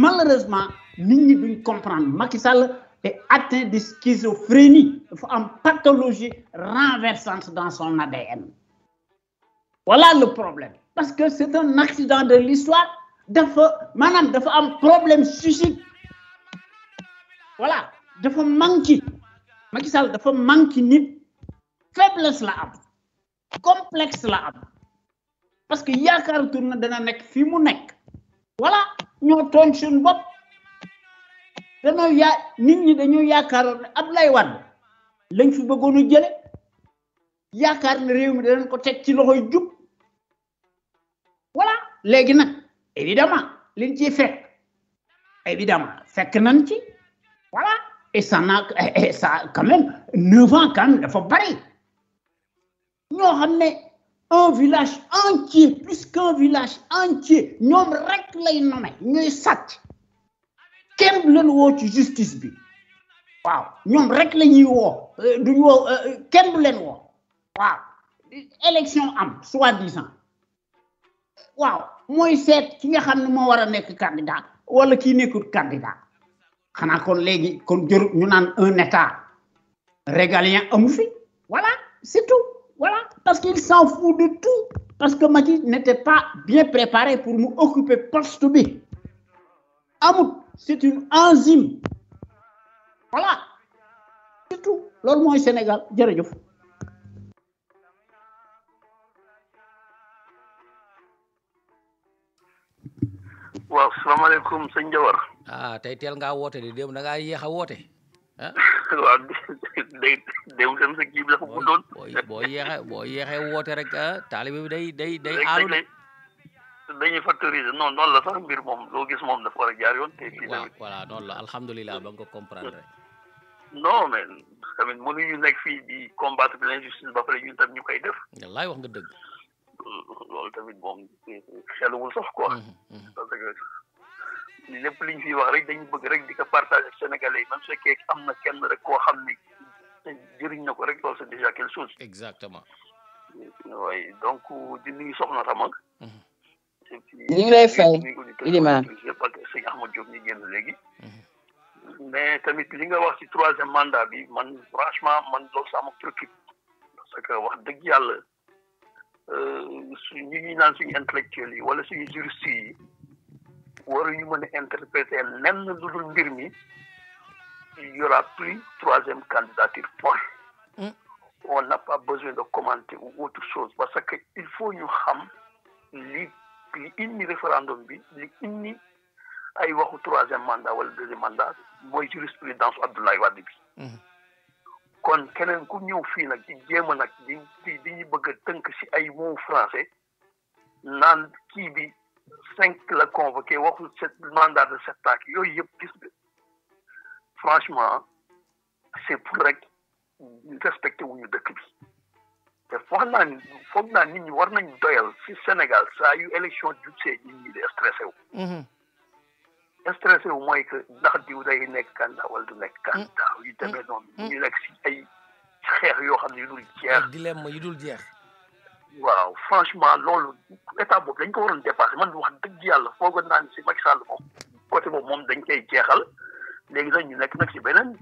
malheureusement nit ñi duñ comprendre Macky Sall est atteint de schizophrénie dafa am pathologie renversante dans son ADN voilà le problème parce que c'est un accident de l'histoire dafa maanaam dafa am problème psychique voilà dafa manqué Macky Sall dafa manqué nit faiblesse la am complexe la am parce que yaakaaratul na dana nekk fii mu nekk voilà ñoo tooñ suñu bopp dañoo yaa nit ñi dañoo yaakaaroon ne Ablaye Wade lañ fu bëggoon a jële yaakaar ne réew mi danañ ko teg ci loxoy jub voilà léegi nag évidemment liñ ciy fekk évidemment fekk nañ ci voilà et ça na et neuf ans quand même dafa bari ñoo xam ne un village entier plus qu'un village entier ñoom rek lay nome ñuy sàcc kenn leen woo ci justice bi waaw ñoom rek la ñuy woo euh, duñ woo euh, euh, kenn bu leen woo waaw élection am soi-disant waaw mooy seet ki nga xam ne moo war a nekk candidat wala kii nekkul candidat xanaa kon léegi kon jëru ñu naan un état régalien amu fi voilà c'est Voilà, parce qu'il s'en fout de tout. Parce que Macky n'était pas bien préparé pour nous occuper poste B. Amout, c'est une enzyme. Voilà. C'est tout. Loolu mooy Sénégal jërëjëf. waaw salaamaaleykum sëñ Jawar. ah tey teel ngaa woote de démb da ngaa yéex a woote. ah waaw de day dem sa kii bi dafa guddoon. boo yeexee boo yeexee woote rek ah taalibe bi day day day. aaru dañuy factoriser non noonu la sax mbir moom loo gis moom daf war a jaar yoon. te eh, fii tamit voilà noonu la alhamdulilah ba nga ko comprendre. non mais tamit mënuñu nekk fii di combattre l'injustice ba pare ñun tam ñu koy def. wallaay wax nga dëgg. Euh, loolu tamit moom euh, xeluwul sax quoi. Mhm, mhm. parce que. lépp li ñu fiy wax rek dañu bëgg rek di ko partager sénégalais yi man su fekkee am na kenn rek koo xam ni jëriñ na ko rek loolu c'est déjà exactement. oui donc di nuyu soxna Rama. Mhm. ñu ngi lay fay Ilimane. sëñ Ahmad Diop ñu génn léegi. Mhm. mais tamit li nga wax si troisième mandat bi man franchement man loolu sama préoccupe parce que wax dëgg yàlla euh, su ñu ñuy naan suñu intellectuels yi wala suñu juristes yi. waruñu mën a interpréter lenn lu dul mbir mi il y aura plus troisième candidature point mm. on n'a pas besoin de commenter ou autre chose parce que il faut ñu xam li li indi référendum bi li indi ay waxu troisième mandat wala deuxième mandat mooy jurisprudence Abdoulaye Wade bi mm. kon keneen ku ñëw fii nag ci jéem a nag di di ñu bëgg a tënk si ay mots français naan kii bi cinq la convoqué waxul sept mandat de sept ak yooyu yëpp gis nga franchement c'est pour rek respecté wuñu dëkk bi te foog naa ni foog naa nit ñi war nañ doyal ci Sénégal saa yu élection jubsee nit ñi de stressé wu mhm. stressé wu mooy que ndax diw day nekk candidat wala du nekk candidat mm. yu demee mm. noonu ñu mm. nekk ci ay xeex yoo xam ne yu dul jeex dilemme yu dul jeex waaw franchement loolu état boobu dañ ko waroon dépassé man wax dëgg yàlla foo naa ni si Macky Sall moom côté boobu moom dañ koy jeexal léegi nag ñu nekk nag si beneen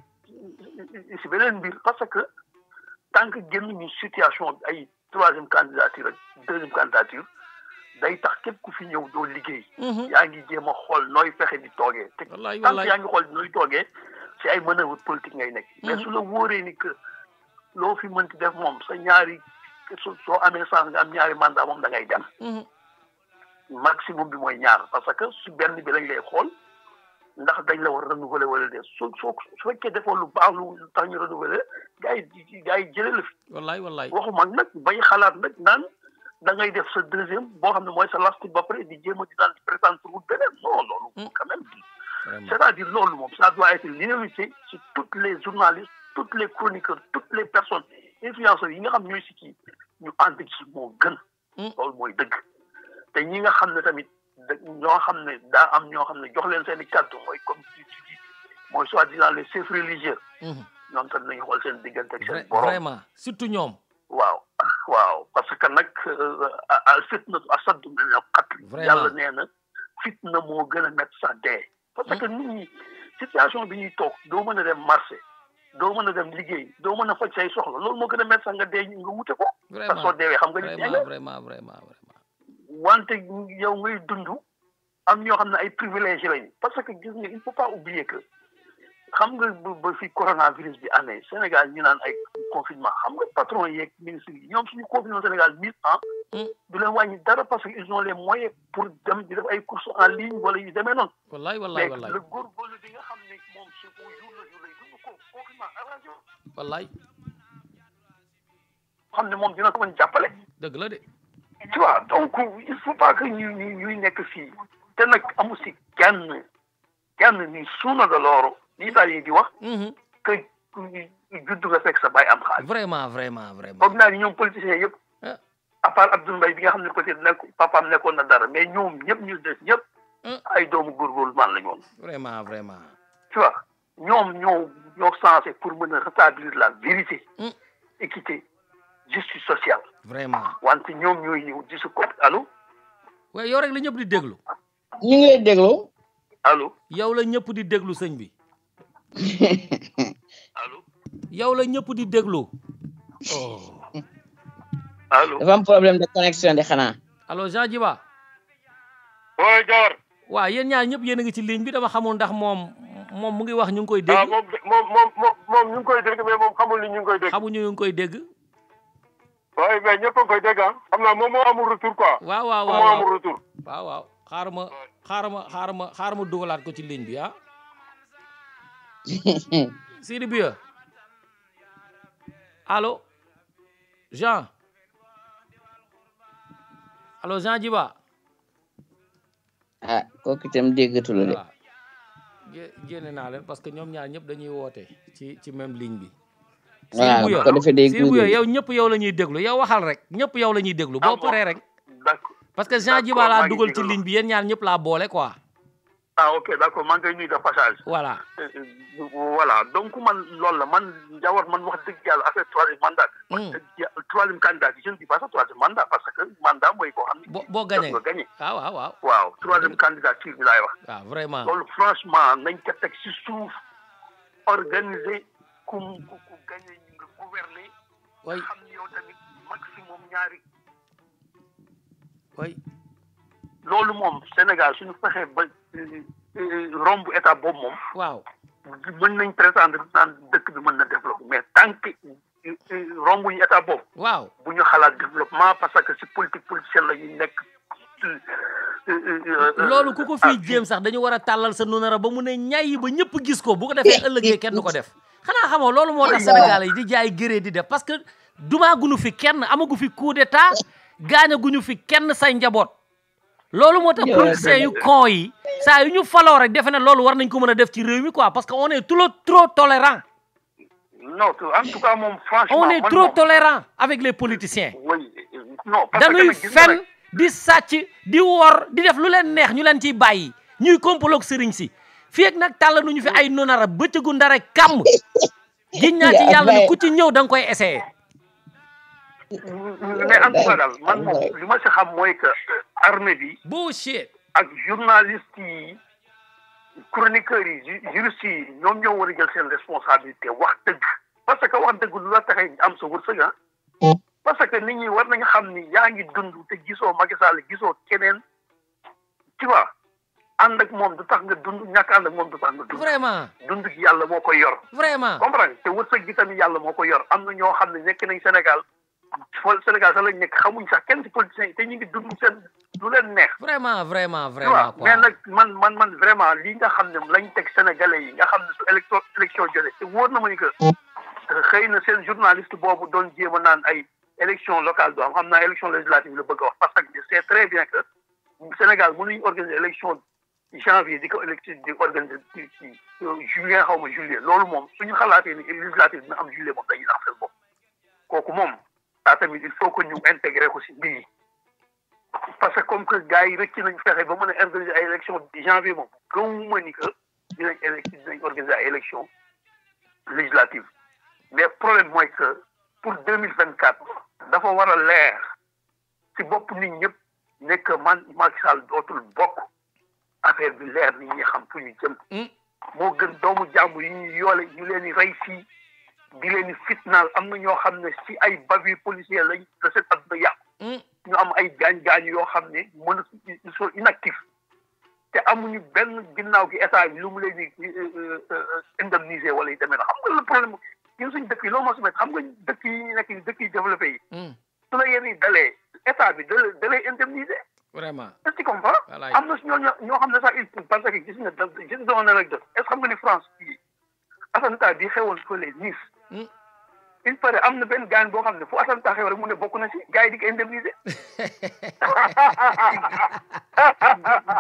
si beneen mbir parce que tant que génn ñu situation ay troisième candidature ak deuxième day tax képp ku fi ñëw doo liggéey. Mhm. yaa ngi jéem a xool nooy fexe di toogee. te tant que yaa ngi xool nooy toogee si ay manœuvre politique ngay nekk. Mhm. mais su la wóoree ni que loo fi mënti def moom sa ñaari. su soo amee chance nga am ñaari mandat moom da ngay dem. Mhm. maximum bi mooy ñaar parce que su benn bi lañ lay xool ndax dañ la war renouveler wala de su soo su fekkee defoo lu baax lu tax ñu renouveler gars yi gars yi jëlee la fi. wallaay wallaay waxuma nag bay xalaat nag naan da ngay def sa deuxième boo xam ne mooy sa last ba pare di jéem a di daan présenter wut beneen non loolu. Mhm. quand même c'est-à-dire loolu moom ça doit être l'inévité sur toutes les journalistes toutes les chroniqueurs toutes les personnes influenceurs yi nga xam ñooy ñu ànd ci moo gën. Hmm. loolu mooy dëgg. te ñi nga xam ne tamit ñoo xam ne daa am ñoo xam ne jox leen seen i kàddu mooy comme mooy soi-disant les chefs religieux. Hmm. ñoom tamit nañu xool seen diggante ak seen borom vraiment surtout ñoom. waaw parce que nag euh, fitna asaddu min al-qatl. vraiment yàlla nee na fitna moo gën a métti sax dee. parce que hmm. nit ñi situation bi ñuy toog doo mën a dem marché. doo mën a dem liggéey doo mën a faj say soxla loolu moo gën a métti sax nga dee nga wute ko. vraiment soo deewee xam nga ni dee nga vraiment vraiment vraiment. wante yow ngay dund am ñoo xam ne ay privilégié lañu parce que gis nga il faut pas oublier que xam nga ba fi coronavirus bi amee Sénégal ñu naan ay confinement xam nga patron yeeg ministre yi ñoom suñu confinement Sénégal mille ans. Hmm. du leen wàññi dara parce que ils ont les moyens pour dem di def ay courses en ligne yu demee noonu. wallaay wallaay wallaay mais le góorgóorlu bi nga xam ne moom wallaay. xam ne moom dina ko mën jàppale. dëgg la de. tu vois donc il faut pas que ñuy nekk fii te nag amu si kenn kenn ni suuna de looro ni italien di wax. Mhm. que judd nga fekk sa baay am xaalis. vraiment vraiment vraiment. foog naa ni ñoom politiciens yëpp. Ah. à part Abdoul bi nga xam ne peut-être nekk papaam nekkoon na dara mais ñoom ñëpp ñu des ñëpp. Ah. ay doomu góorgóorlu man la ñu woon. vraiment vraiment. tu vois ñoom ñoo censé pour mën a rétablir la vérité. Mm. équité justice sociale. vraiment wante ñoom ñooy ñëw di su ko allo. waaye yow rek la ñëpp di déglu. ñu ngi lay déglu. allo yow la ñëpp di déglu sëñ bi. allo. yow la ñëpp di déglu. Oh. allo dafa am problème de connexion de xanaa. allo Jean Djiba. ooy Dior. ñaar ñëpp yéen a ngi ci ligne bi dama xamul ndax moom moom mu ngi wax ñu ngi koy dégg waaw ah, moom moom ñu ngi koy dégg mais moom xamul ni ñu ngi koy dégg xamuñu ñu ngi koy dégg waaye mais ñëpp a ngi koy dégg ah xam naa moom moo amul retour quoi waaw waaw waaw moo xaar ma xaar ma xaar ma xaar ko ci ligne bi ah Sidi Bia Jean allo Jean Djiba ah kooku itam déggatul de génne naa leen parce que ñoom ñaar ñëpp dañuy woote ci ci même ligne bi. waaw bu ko defee day gudd bu yow ñëpp yow la ñuy déglu yow waxal rek ñëpp yow la ñuy déglu boo paree rek. parce que Jean Djiba laa dugal ci ligne bi ñaar ñëpp laa boole quoi. ah ok d'accord maa ngi koy de passage. voilà. donc man loolu la man Ndiawar man wax dëgg yàlla a troisième mandat. Hmm. troisième mandat. boo boo gagné nga gagné. waaw waaw waaw. waaw troisième candidature bi laay wax. waaw vraiment loolu franchement nañ ko teg si suuf organiser ku ku ku gagné nga gouverner. way loolu moom Sénégal suñu fexee ba euh, romb état boobu moom. waaw mën nañ prétendre naan dëkk bi mën na développer mais tant romb ñu état boobu. waaw bu ñu xalaat développement parce que si politique politicienne la ñuy nekk. loolu ku ko fii jéem sax dañu war a tàllal sa nunara ba mu ne ñayi ba ñëpp gis ko bu ko defee ëllëgee kenn du ko def xanaa xamoo loolu moo tax Sénégal yi di jaay gëree di def parce que dumaaguñu fi kenn amagu fi coup d'état gaañaguñu fi kenn say njaboot loolu moo tax politiciens yu con yi saa yu ñu faloo rek defe ne loolu war nañ ko mën a def ci réew mi quoi parce que on est non en tout cas moom franchement on est trop tolérant avec les politiciens. oui non parce fen di sàcc di wor di def lu leen neex ñu leen ciy bàyyi ñuy kompaloog sëriñ si fii nag tàll nuñu fi ay nonara bëccëgu ndara kàmm. giñ naa ci yàlla ni ku ci ñëw da koy essayé. mais li ma si xam mooy que euh, armée bi. bullshit ak journaliste yi. chroniqueurs yi juristes yi ñoom ñoo war a jël seen responsabilité wax dëgg parce que wax dëgg lu la taxee am sa wërsëg ah mm. parce que nit ñi war nañu xam ni yaa ngi dund te gisoo Macky Sall gisoo keneen tu vois ak moom du tax nga dund ñàkk ànd moom du tax nga dund. vraiment dund yàlla moo koy yor. vraiment comprendre te wërsëg gi tamit yàlla moo koy yor am na ñoo xam ne nekk nañ Sénégal. fol Sénégal sax lañ nekk xamuñ sax kenn ci politiciens te ñu ngi dund seen du leen neex. vraiment vraiment vraiment quoi mais nag man man man vraiment lii nga xam ne lañ teg sénégalais yi nga xam ne su élection élection jotee te wóor na ma ni que euh, xëy na seen journaliste boobu doon jéem a naan ay élection locale du am xam naa élection législative la bëgg a wax parce que c'est très bien que Sénégal mënuñ organiser élection janvier di ko électi di organiser ci juillet xaw ma juillet loolu moom suñu xalaatee ni législative am juillet moom dañuy kooku moom. ah tamit il faut que ñu intégrer ko si mbir parce que comme que gars yi rëcc nañu fexe ba mën a organiser ay élection janvier moom gëmuma ni que dinañ élection dinañ organiser ay élection législative mais problème mooy que pour deux mille vingt quatre dafa war a leer si bopp nit ñëpp nekk man Macky Sall dootul bokk affaire bi leer nit ñi xam fu ñu jëm hmm. moo gën doomu jàmm yi ñu yoole ñu leen di rey fii di leen fitnaal am na ñoo xam ne si ay bavure policière lañ la seen àdduna yàqu ñu am ay gaañ-gaañ yoo xam ne mën ils sont inactifs te amuñu benn ginnaaw gi état bi lu mu leen di indemniser wala yu demee na xam nga le problème ñun suñ dëkk yi loolu moo si met xam nga dëkk yi ñu nekk yi dëkk yi développé yi su la yéen yi dalee état bi da da lay indemniser vraiment est am na si ñoo ñoo xam ne sax il parce que gis nga gis nga doon anecdote est-ce que xam nga ni France bi attentat bi xewoon il paraît am na benn gaañ boo xam ne fu atam taxaw rek mu ne bokk na si gars yi di ko indemniser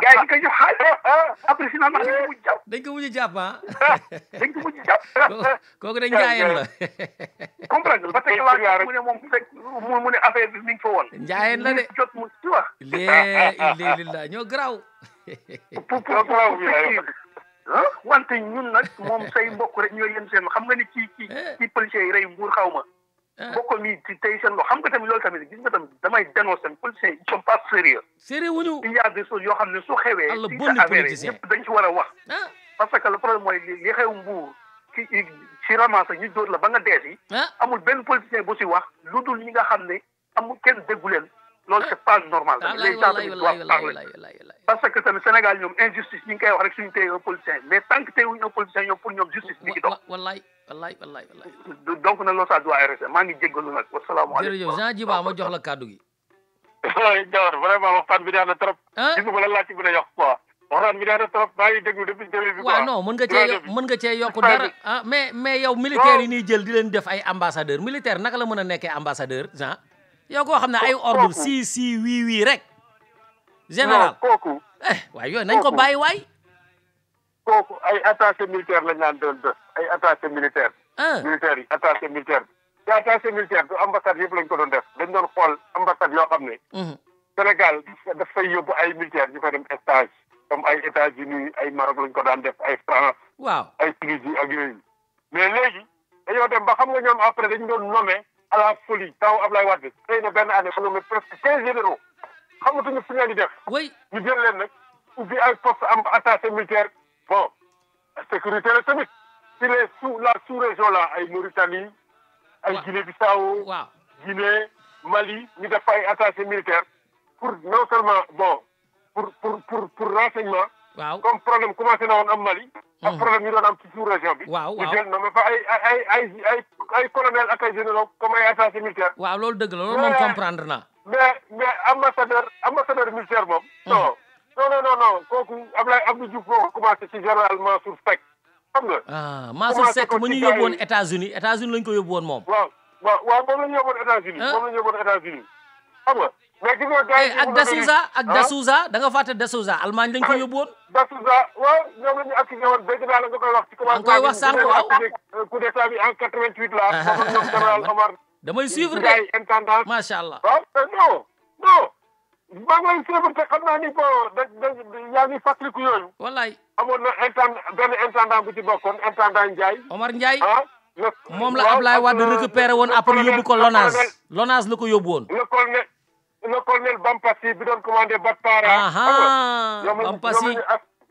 gars yi di ko jox xaalis après finalement dañ ko mujj jàpp. dañ ko mujj jàpp ah. dañ dañ njaayeen mu ne moom fekk mu ne affaire bi mi ngi fa woon. njaayeen la de jot mu ci wax. léegi léegi la ñoo garaaw. ah wante ñun nag moom say mbokk rek ñoo yem seen xam nga ni kii ci ci eh. policiers rey mbuur xaw ma. Eh. mbokkam yi ci tey seen loo xam nga tamit loolu tamit gis nga tamit damay dénoncer seen policiers yi ils sont pas sérieux. sérieux wuñu il y a des yoo xam ne su xewee. àll bonni politicien ñëpp dañ ci war a wax. Eh. parce que le problème mooy li xew mbuur ci ci ramasse ñu dóor la ba nga dee si. amul benn politicien bu si wax lu dul ñi nga xam ne amul kenn déggu leen. loolu c'est pas normal ah, les gens tamit doivent parler parce que tamit Sénégal ñoom injustice ñu ngi koy wax rek suñu téye un politicien mais tant que téyewuñu un politicien ñoom pour ñoom justice mi ngi dox wallaay wallaay wallaay wallaay donc nag loolu ça maa ngi jéggalu nag jox la kàddu gi Diawar vraiment waxtaan bi neex na trop ah? la laaj bi na yokk quoi waxtaan bi neex na trop maa ngi déglu depuis mën nga cee mën yokk dara ah mais mais yow militaire yi ñuy jël di leen def ay ambassadeur militaire naka la mën a nekkee ambassadeur Jean yow koo xam na ay ordre si si wii wii rek. général kooku. eh waaye yo nañ ko bàyyi waay. kooku ay attaché militaire lañ naan doon def ay attaché militaire. Ah. militaire yi attaché militaire. te attaché militaire du ambassade yëpp lañ ko doon def dañ doon xool ambassade yoo xam ne. Mhm. Sénégal daf fay yóbbu ay militaire ñu ko dem stage comme ay états ni ay Maroc lañ ko daan def ay France. waaw ay Tunisie ak yooyu. mais léegi dañoo dem ba xam nga ñoom après dañ doon nommé. à la folie taw Ablaye Wade xëy na benn année wala presque quinze généraux xamatuñu fu ñu di def. oui ñu jël leen nag ubbi ay poste am attaché militaire bon sécurité la tamit si les sous la sous région là ay Mauritanie. ay Guinée Bissau. waaw Guinée Mali ñu def ay attaché militaire pour non seulement bon pour pour pour pour renseignement. waaw comme problème commencé na woon am Mali. ak mm-hmm. problème am ci sous région ay colonel ak ay généraux comme ay attaché militaire. waaw loolu dëgg la loolu moom comprendre naa. mais mais ambassadeur ambassadeur militaire moom. Mm-hmm. non non non non kooku Abdoulaye Abdou Diouf moo commencé ci général Mansour Seck xam nga. ah Mansour Seck mu ñu yóbbu woon États-Unis États-Unis lañu ko yóbbu woon moom. waaw waaw waaw moom la ñu yóbbu woon États-Unis. Ah. moom la ñu yóbbu woon États-Unis xam nga. Eh, ak Dasouza ak Dasouza da nga fàtte Dasouza Allemagne lañ ko yóbbu woon. Dasouza waaw ñoom la ñu activé woon dégg naa la nga koy wax. ci commencement koy wax sànq waaw. Euh, coup d'état bi en 88 la. Ah, ah, ah, ñoom général Omar. damay suivre de intendant macha allah. waaw euh, non non. maa ngi lay suivre te xam naa ni bon da da yaa ngi fàttaliku yooyu. wallaay amoon na intendant benn intendant bu ci bokkoon intendant Ndiaye. Omar Ndiaye. moom la Ablaye Wade euh, récupéré woon après yóbbu ko Lonase. Lonase la ko le colonel Bampassi bi doon commandé Batpara. ñoom la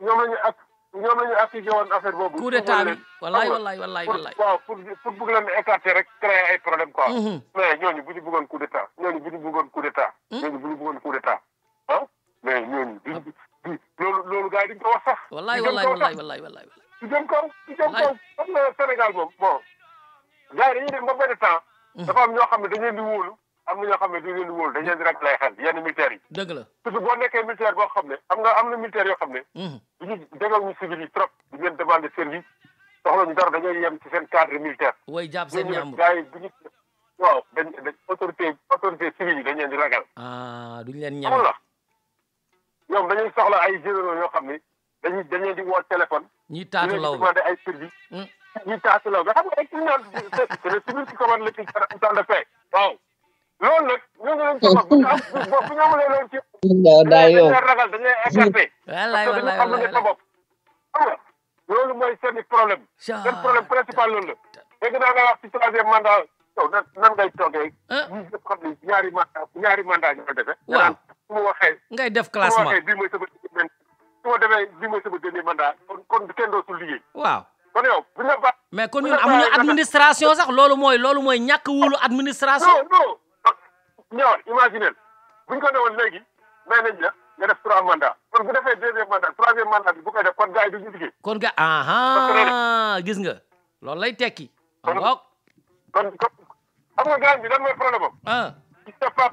ñu ñoom la ñu ak ñoom la ñu activé woon affaire boobu. coup d'état bi wallaay wallaay wallaay wallaay. waaw pour pour bëgg leen écarter rek créer ay problème quoi. Mhm. mais ñooñu bu ñu bëggoon coup d'état ñooñu bu ñu bëggoon coup d'état. Hmm? ñooñu bu ñu bëggoon coup d'état ah mais ñooñu duñ ah. loolu loolu gars yi duñ ko wax sax. wallaay wallaay wallaay wallaay wallaay. du jëm kaw du jëm kaw xam nga Sénégal moom bon gars yi dañuy dem ba benn temps. Hmm. dafa am ñoo xam ne dañu leen di wóolu am na ñoo xam ne du leen wóolu dañ leen di rek lay xel yenn militaires yi. dëgg la parce que boo boo xam ne am nga am na militaire yoo xam ne. Mhm. du ñu dégal ñu civil trop du leen demander service soxla ñu dara dañuy yem ci seen cadre militaire. way jàpp seen ñaam gars yi bu ñu waaw dañ dañ autorité autorité civile yi dañ leen di ragal. ah duñ leen ñeme amul la ñoom dañuy soxla ay généraux yoo xam ne dañuy dañ leen di woo téléphone. ñiy taatalaw hmm. nga ay service ñiy taatalaw nga xam nga rek ñu naan c'est le civil qui commande le pays en loolu nag ñu ngi leen ci wax bu ñu amulee leen ci. dañuy ragal dañuy écarté. wallaay wallaay parce que dañu xam ne sa bopp. xam nga loolu mooy seen problème. seen problème principal loolu la. dégg naa nga wax ci troisième mandat yow nan nan ngay toogee. ñun ah. ñëpp xam ne ñaari mandat ñaari mandat ñoo defee. waaw su ma waxee. ngay def classement su ma waxee bii mooy sama deuxième su ma defee bii mooy sama dernier mandat kon kon kenn dootul liggéey. waaw. kon yow bu ñu la mais kon ñun amuñu administration sax loolu mooy loolu mooy ñàkk wuulu administration. non non. ñëwaat imaginer buñ ko newoon léegi may nañ la nga kon bi bu koy def kon gars ga aha gis nga loolu lay tekki. kon kon xam nga gars bi lan mooy problème am. Ah. il s'est pas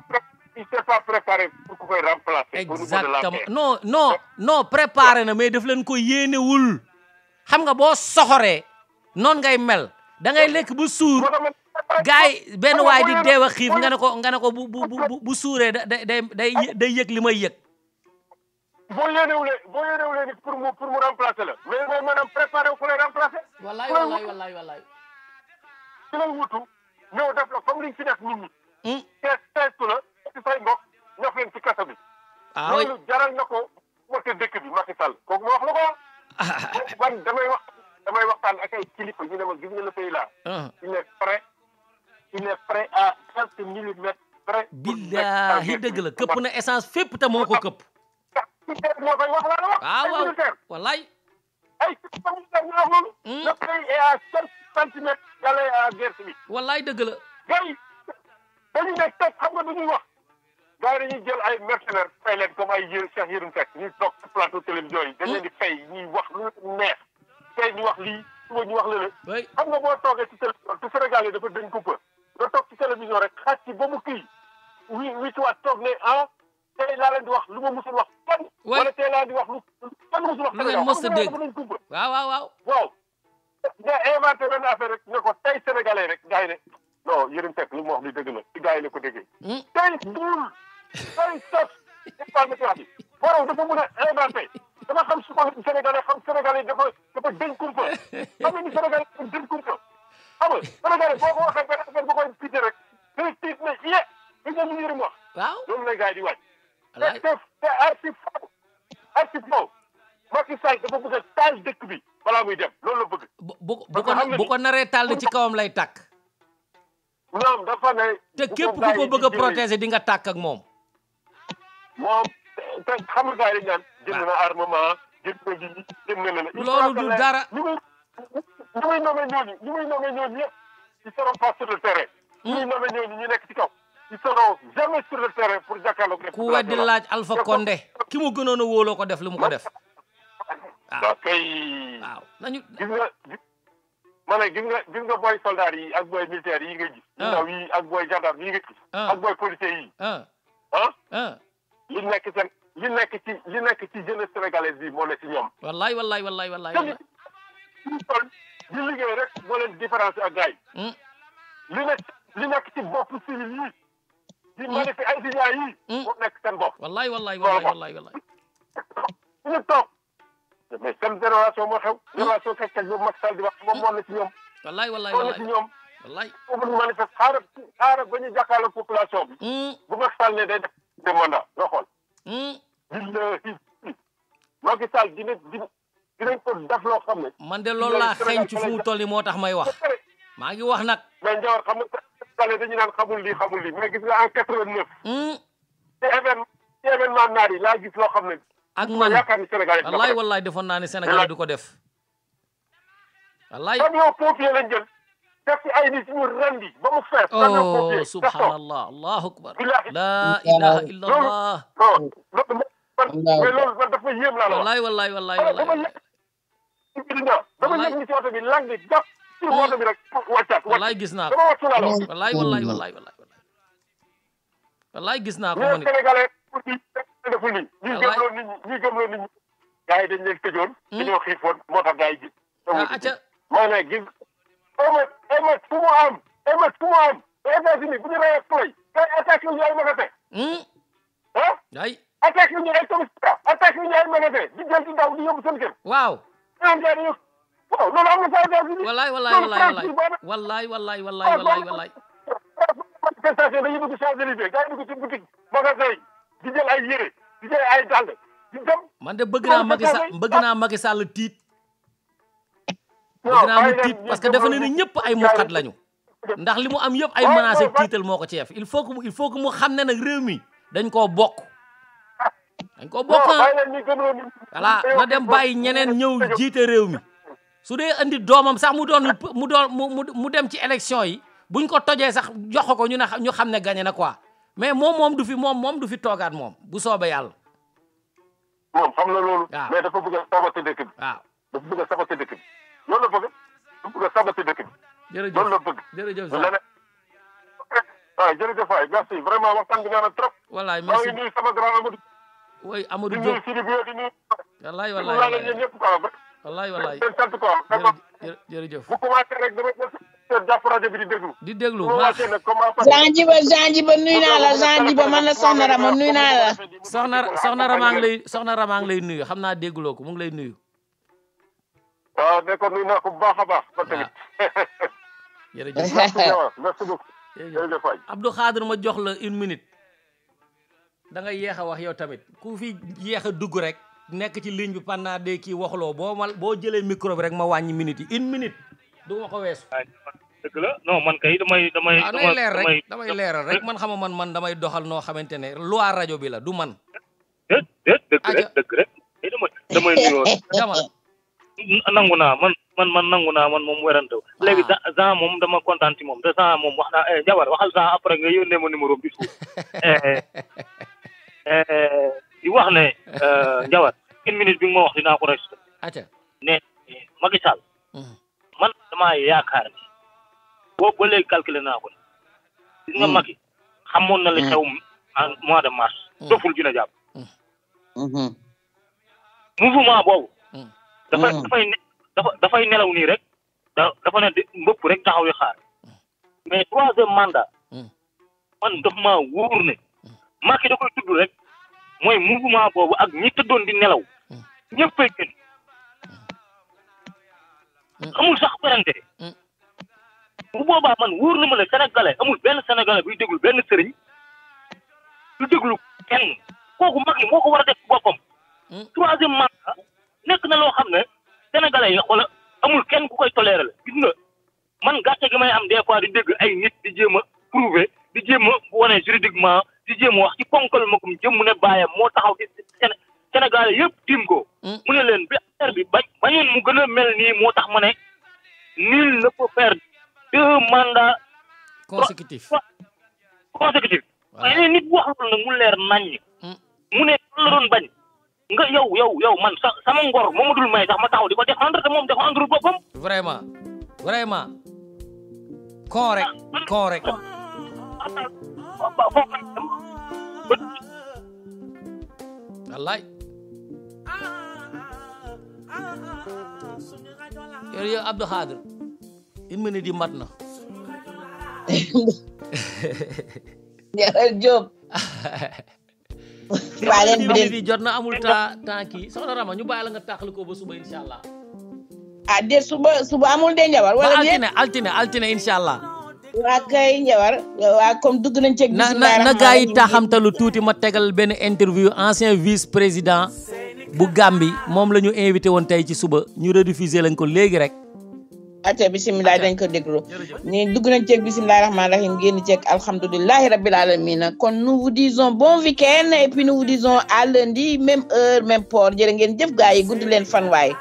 il s'est pas préparé pour ku koy remplacer. exactement non non non préparé na mais daf leen ko yéenewul. xam nga boo soxoree noonu ngay mel da lekk ba suur. gars benn waay di deew a xiif nga ne ko nga ne ko bu bu bu bu suuree da day day day yëg li may yëg. boo yéenewulee boo yéenewulee nit pour mu pour mu remplacer la. mais mooy maanaam préparé wu ku lay remplacer. wallaay wallaay wallaay wallaay. su lay wutu ñëw def la comme liñ fi def nit ñi. Hmm? tees teestu la ci say mbokk ñox leen ci kasa bi. ah loolu jaral na ko woote dëkk bi Macky Sall kooku ma wax la ko. Ah, ah, ah. man damay wax damay waxtaan ak ay kilifa ñu ne ma gis nga le pays là. il il est prêt billaahi dëgg la këpp na essence fépp te moo ko këpp. moo koy wax laa ah, wax. waaw waaw wallaay. ay système militaire hmm. dëgg la. gars yi dañuy nekk toog xam nga dañuy wax. gars yi dañuy jël ay mercenaires fay leen comme ay yéen Cheikh Yérim Seck ñuy ci plateau télévision yi. dañ leen di hmm. fay ñuy wax lu neex. tey ñu wax lii suba ñu wax lële. xam nga boo toogee ci télévision te Sénégal yi dafa dañ ko nga toog ci télévision rek xaaj ci ba mu kii wi wi ci waat toog ne ah tey laa leen di wax lu ma musul wax fan. wala tey laa di wax lu fan musul wax. lu ma mos a dégg waaw waaw waaw. waaw nga inventé benn affaire rek ne ko tey sénégalais rek gars yi ne non Yérim Seck li mu wax ni dëgg la gars yi la ko déggee. Hmm? tey duul tey sos épargne météo bi. borom dafa mën a inventé dama xam su ko sénégalais xam sénégalais dafa dafa dénkum ko xam nga ni sénégalais dafa dénkum ko. xam nga Sénégal boo ko waxee benn affaire bu koy pité rek mu yërëm wax. waaw loolu la gars yi di wàcc. te te te arti faw arti faw taal dëkk bi balaa muy dem loolu la bëgg. bu bu ko bu ko naree ci kawam lay tàkk. non dafa ne. te képp ko bëgg a protéger di nga tàkk ak moom. moom te xam nga jënd na armement jënd na ji jënd na. loolu du dara. ñu muy nommé ñooñu ñu muy nommé ñooñu yëpp ils seront pas ñu ñooñu ñu nekk ci kaw. ils seront jamais sur le terrain pour jàkkaarloog. ku weddi laaj Alpha ki mu gënoon a wóoloo ko def lu mu ko def. waaw ah. kay. waaw nañu gis nga ma gis nga gis nga booy soldats yi ak booy militaires yi nga gis. ndaw yi ak booy gendarme yi nga gis. ak li nekk seen li nekk ci li nekk ci jeunesse sénégalaise bi moo ne ci ñoom. wallaay wallaay wallaay wallaay. suñu sol di liggéey rek moo leen différence ak gars yi. Hmm. li nekk li nekk ci bopp si hmm. yi. di manifester ay étudiants yi. moo nekk seen bopp. wallaay wallaay wallaay wallaay. suñu toog mais seen génération moo xew. Hmm. génération kekk ak ñoom Macky Sall di wax moom moo na ci ñoom. wallaay wallaay wallaay moo na ci ñoom. wallaay foofu ñu manifester xaaral xaaral ba ñu jàkkaarloog population bi. bu Macky Sall ne day def mandat nga xool. billahi Macky Sall dina dina. dinañ ko def loo xam ne. man de loolu laa xeeñ ci fu mu toll nii moo tax may wax. maa ngi wax nag. mais Ndiawar xam nga xale dañu naan xamul lii xamul lii mais gis nga en quatre vingt neuf. Hmm? ci événement ci événement naar yi laa gis loo xam ne. ak man yaakaar ni Sénégal yi wallaay wallaay defoon naa ne Sénégal du ko def. wallaay camion pompier lañ jël. def ci ay nit ñu rendi ba mu fees. Oh, camion pompier subhanallah allahu akbar. la ilaha illallah. loolu loolu man dafa yéem laa la wax. wallaay wallaay wallaay wallaay. dama nekk ni ci oto bi lang jàpp ci oto bi rek wàccaat wallaay gis naa ko dama wàccu laa wallaay wallaay wallaay wallaay wallaay gis naa ko ma ni sénégalais pour di deful nii ñi gëmloo nit ñi ñi gëmloo nit ñi gars yi dañ leen tëjoon hmm? dañoo xiifoon moo tax gars yi gis aca ma ne gis émet eh, émet eh, fu mu am émet eh, fu mu am États-Unis bu ñu reyee play kay attaque yu yaay magate hmm? ah attaque yu ñu ay touriste attaque yu ñu ay magate di jël ci ndaw di yóbbu seen kër waaw wallaay wallaay wallaay wallaay wallaay wallaay wallaay wallaay manifestation dañuy dugg Champs-Élysées gars yi ay yére bëgg naa Macky Sall bëgg naa Macky Sall tiit bëgg naa mu tiit parce que dafa ne ne ñëpp ay mokkat lañu ndax li mu am yëpp ay menacé tiital moo ko ci il faut que il faut mu xam ne nag réew mi dañ koo bokk dañ ko bokk voilà na dem bàyyi ñeneen ñëw jiite réew mi su dee andi doomam sax mu doon mu doon mu mu dem ci élection yi buñ ko tojee sax jox ko ñu ne ñu xam ne gagné na quoi mais moom moom du fi moom moom du fi toogaat moom bu soobee yàlla. moom xam na loolu. waaw ah. mais dafa bëgg a sabati dëkk bi. waaw ah. dafa bëgg a sabati dëkk bi loolu la bëgg dafa a sabati dëkk bi. jërëjëf loolu la bëgg. jërëjëf Sarr waaw trop. wallaay merci way Amadou Diop wallaay wallaay wallaay wallaay jërëjëf bu commencé rek dama jàpp rajo bi di déglu di déglu Zanjiba Zanjiba nuyu naa la Zanjiba man la soxna Rama nuyu naa la soxna soxna Rama ngi lay soxna Rama ngi lay nuyu xam naa dégloo ko mu ngi lay nuyu waaw ne ko nuyu naa bu baax a baax ba tamit ah. jërëjëf merci beaucoup ma jox la une minute dangay nga yéex a wax yow tamit ku fi yéex a dugg rek nekk ci ligne bi pendant de kii waxuloo boo mal boo jëlee micro rek ma wàññi minute yi une minute du ma ko weesu. dëgg la non man kay damay damay. Ah, leeral rek man xama man man damay doxal noo xamante ne loi rajo bi la du man. déet dëgg dëgg rek. damay nuyoo dama nangu naa man man man nangu naa man moom werante ah. léegi Jean moom dama kontaan moom te Jean moom wax naa eh, jabar waxal Jean après nga yónnee ma numéro di eh, eh, wax ne eh, Ndiawar une minute bi nga ma wax dinaa ko rek ata mm-hmm. man damaa yaakaar ni boobu ba léegi naa ko ne gis nga mm-hmm. Macky xamoon na li mm-hmm. xew mois de mars doful dina jàpp mouvement boobu dafa dafay dafay nelaw nii rek da dafa ne mbëpp rek taxaw yi xaar mais troisième mandat man daf maa wóor ne Macky da koy tudd rek mooy mouvement boobu ak ñi tëddoon di nelaw mm. ñëppay gën mm. amul sax werante mm. bu boobaa man wóor na ma la sénégalais amul benn sénégalais buy déglu benn sëriñ du déglu kenn kooku Macky moo ko war a def boppam troisième mandat nekk na loo xam ne sénégalais yi wala amul kenn ku koy toléré la gis nga man gàcce gi may am des fois di dégg ay nit di jéem a prouver di jéem a wane juridiquement di jéem wax ci ponkal ma kom jëm mu ne bàyyam moo taxaw ci Sénégal yëpp tiim ko. Hmm. mu ne leen bi affaire bi bañ bañoon mu gën a mel nii moo tax ma ne nul ne peut faire deux mandats consécutifs consécutifs waaye nit wax loolu mu leer naññ hmm. mu ne bañ nga yow yow yow man sa sama ngor may sax ma taxaw di ko défendre te moom défendre boppam vraiment vraiment ah, bët. wallaay. yow yow Abdou Khadre une minute mat na. bi jot na amul temps temps kii soxna Rama ñu bàyyi la nga tàqali ko ba suba incha allah. Ah, suba suba amul de njabar. wala déet altine altine altine waa kay Ndiawar waa comme dugg nañ ci na na na gaa yi taxamtalu tuuti ma tegal benn interview ancien vice président bu Gàmbi moom la ñu invité woon tey ci suba ñu rediffuser lañ ko léegi rek. ate bisimilah dañ ko déglu ni dugg nañ ceeg bisimilah rahmaani rahim génn ceeg alhamdulilahi rabil alamin kon nous vous disons bon week-end et puis nous vous disons à lundi même heure même port jërë ngeen jëf gaa yi leen fan waay.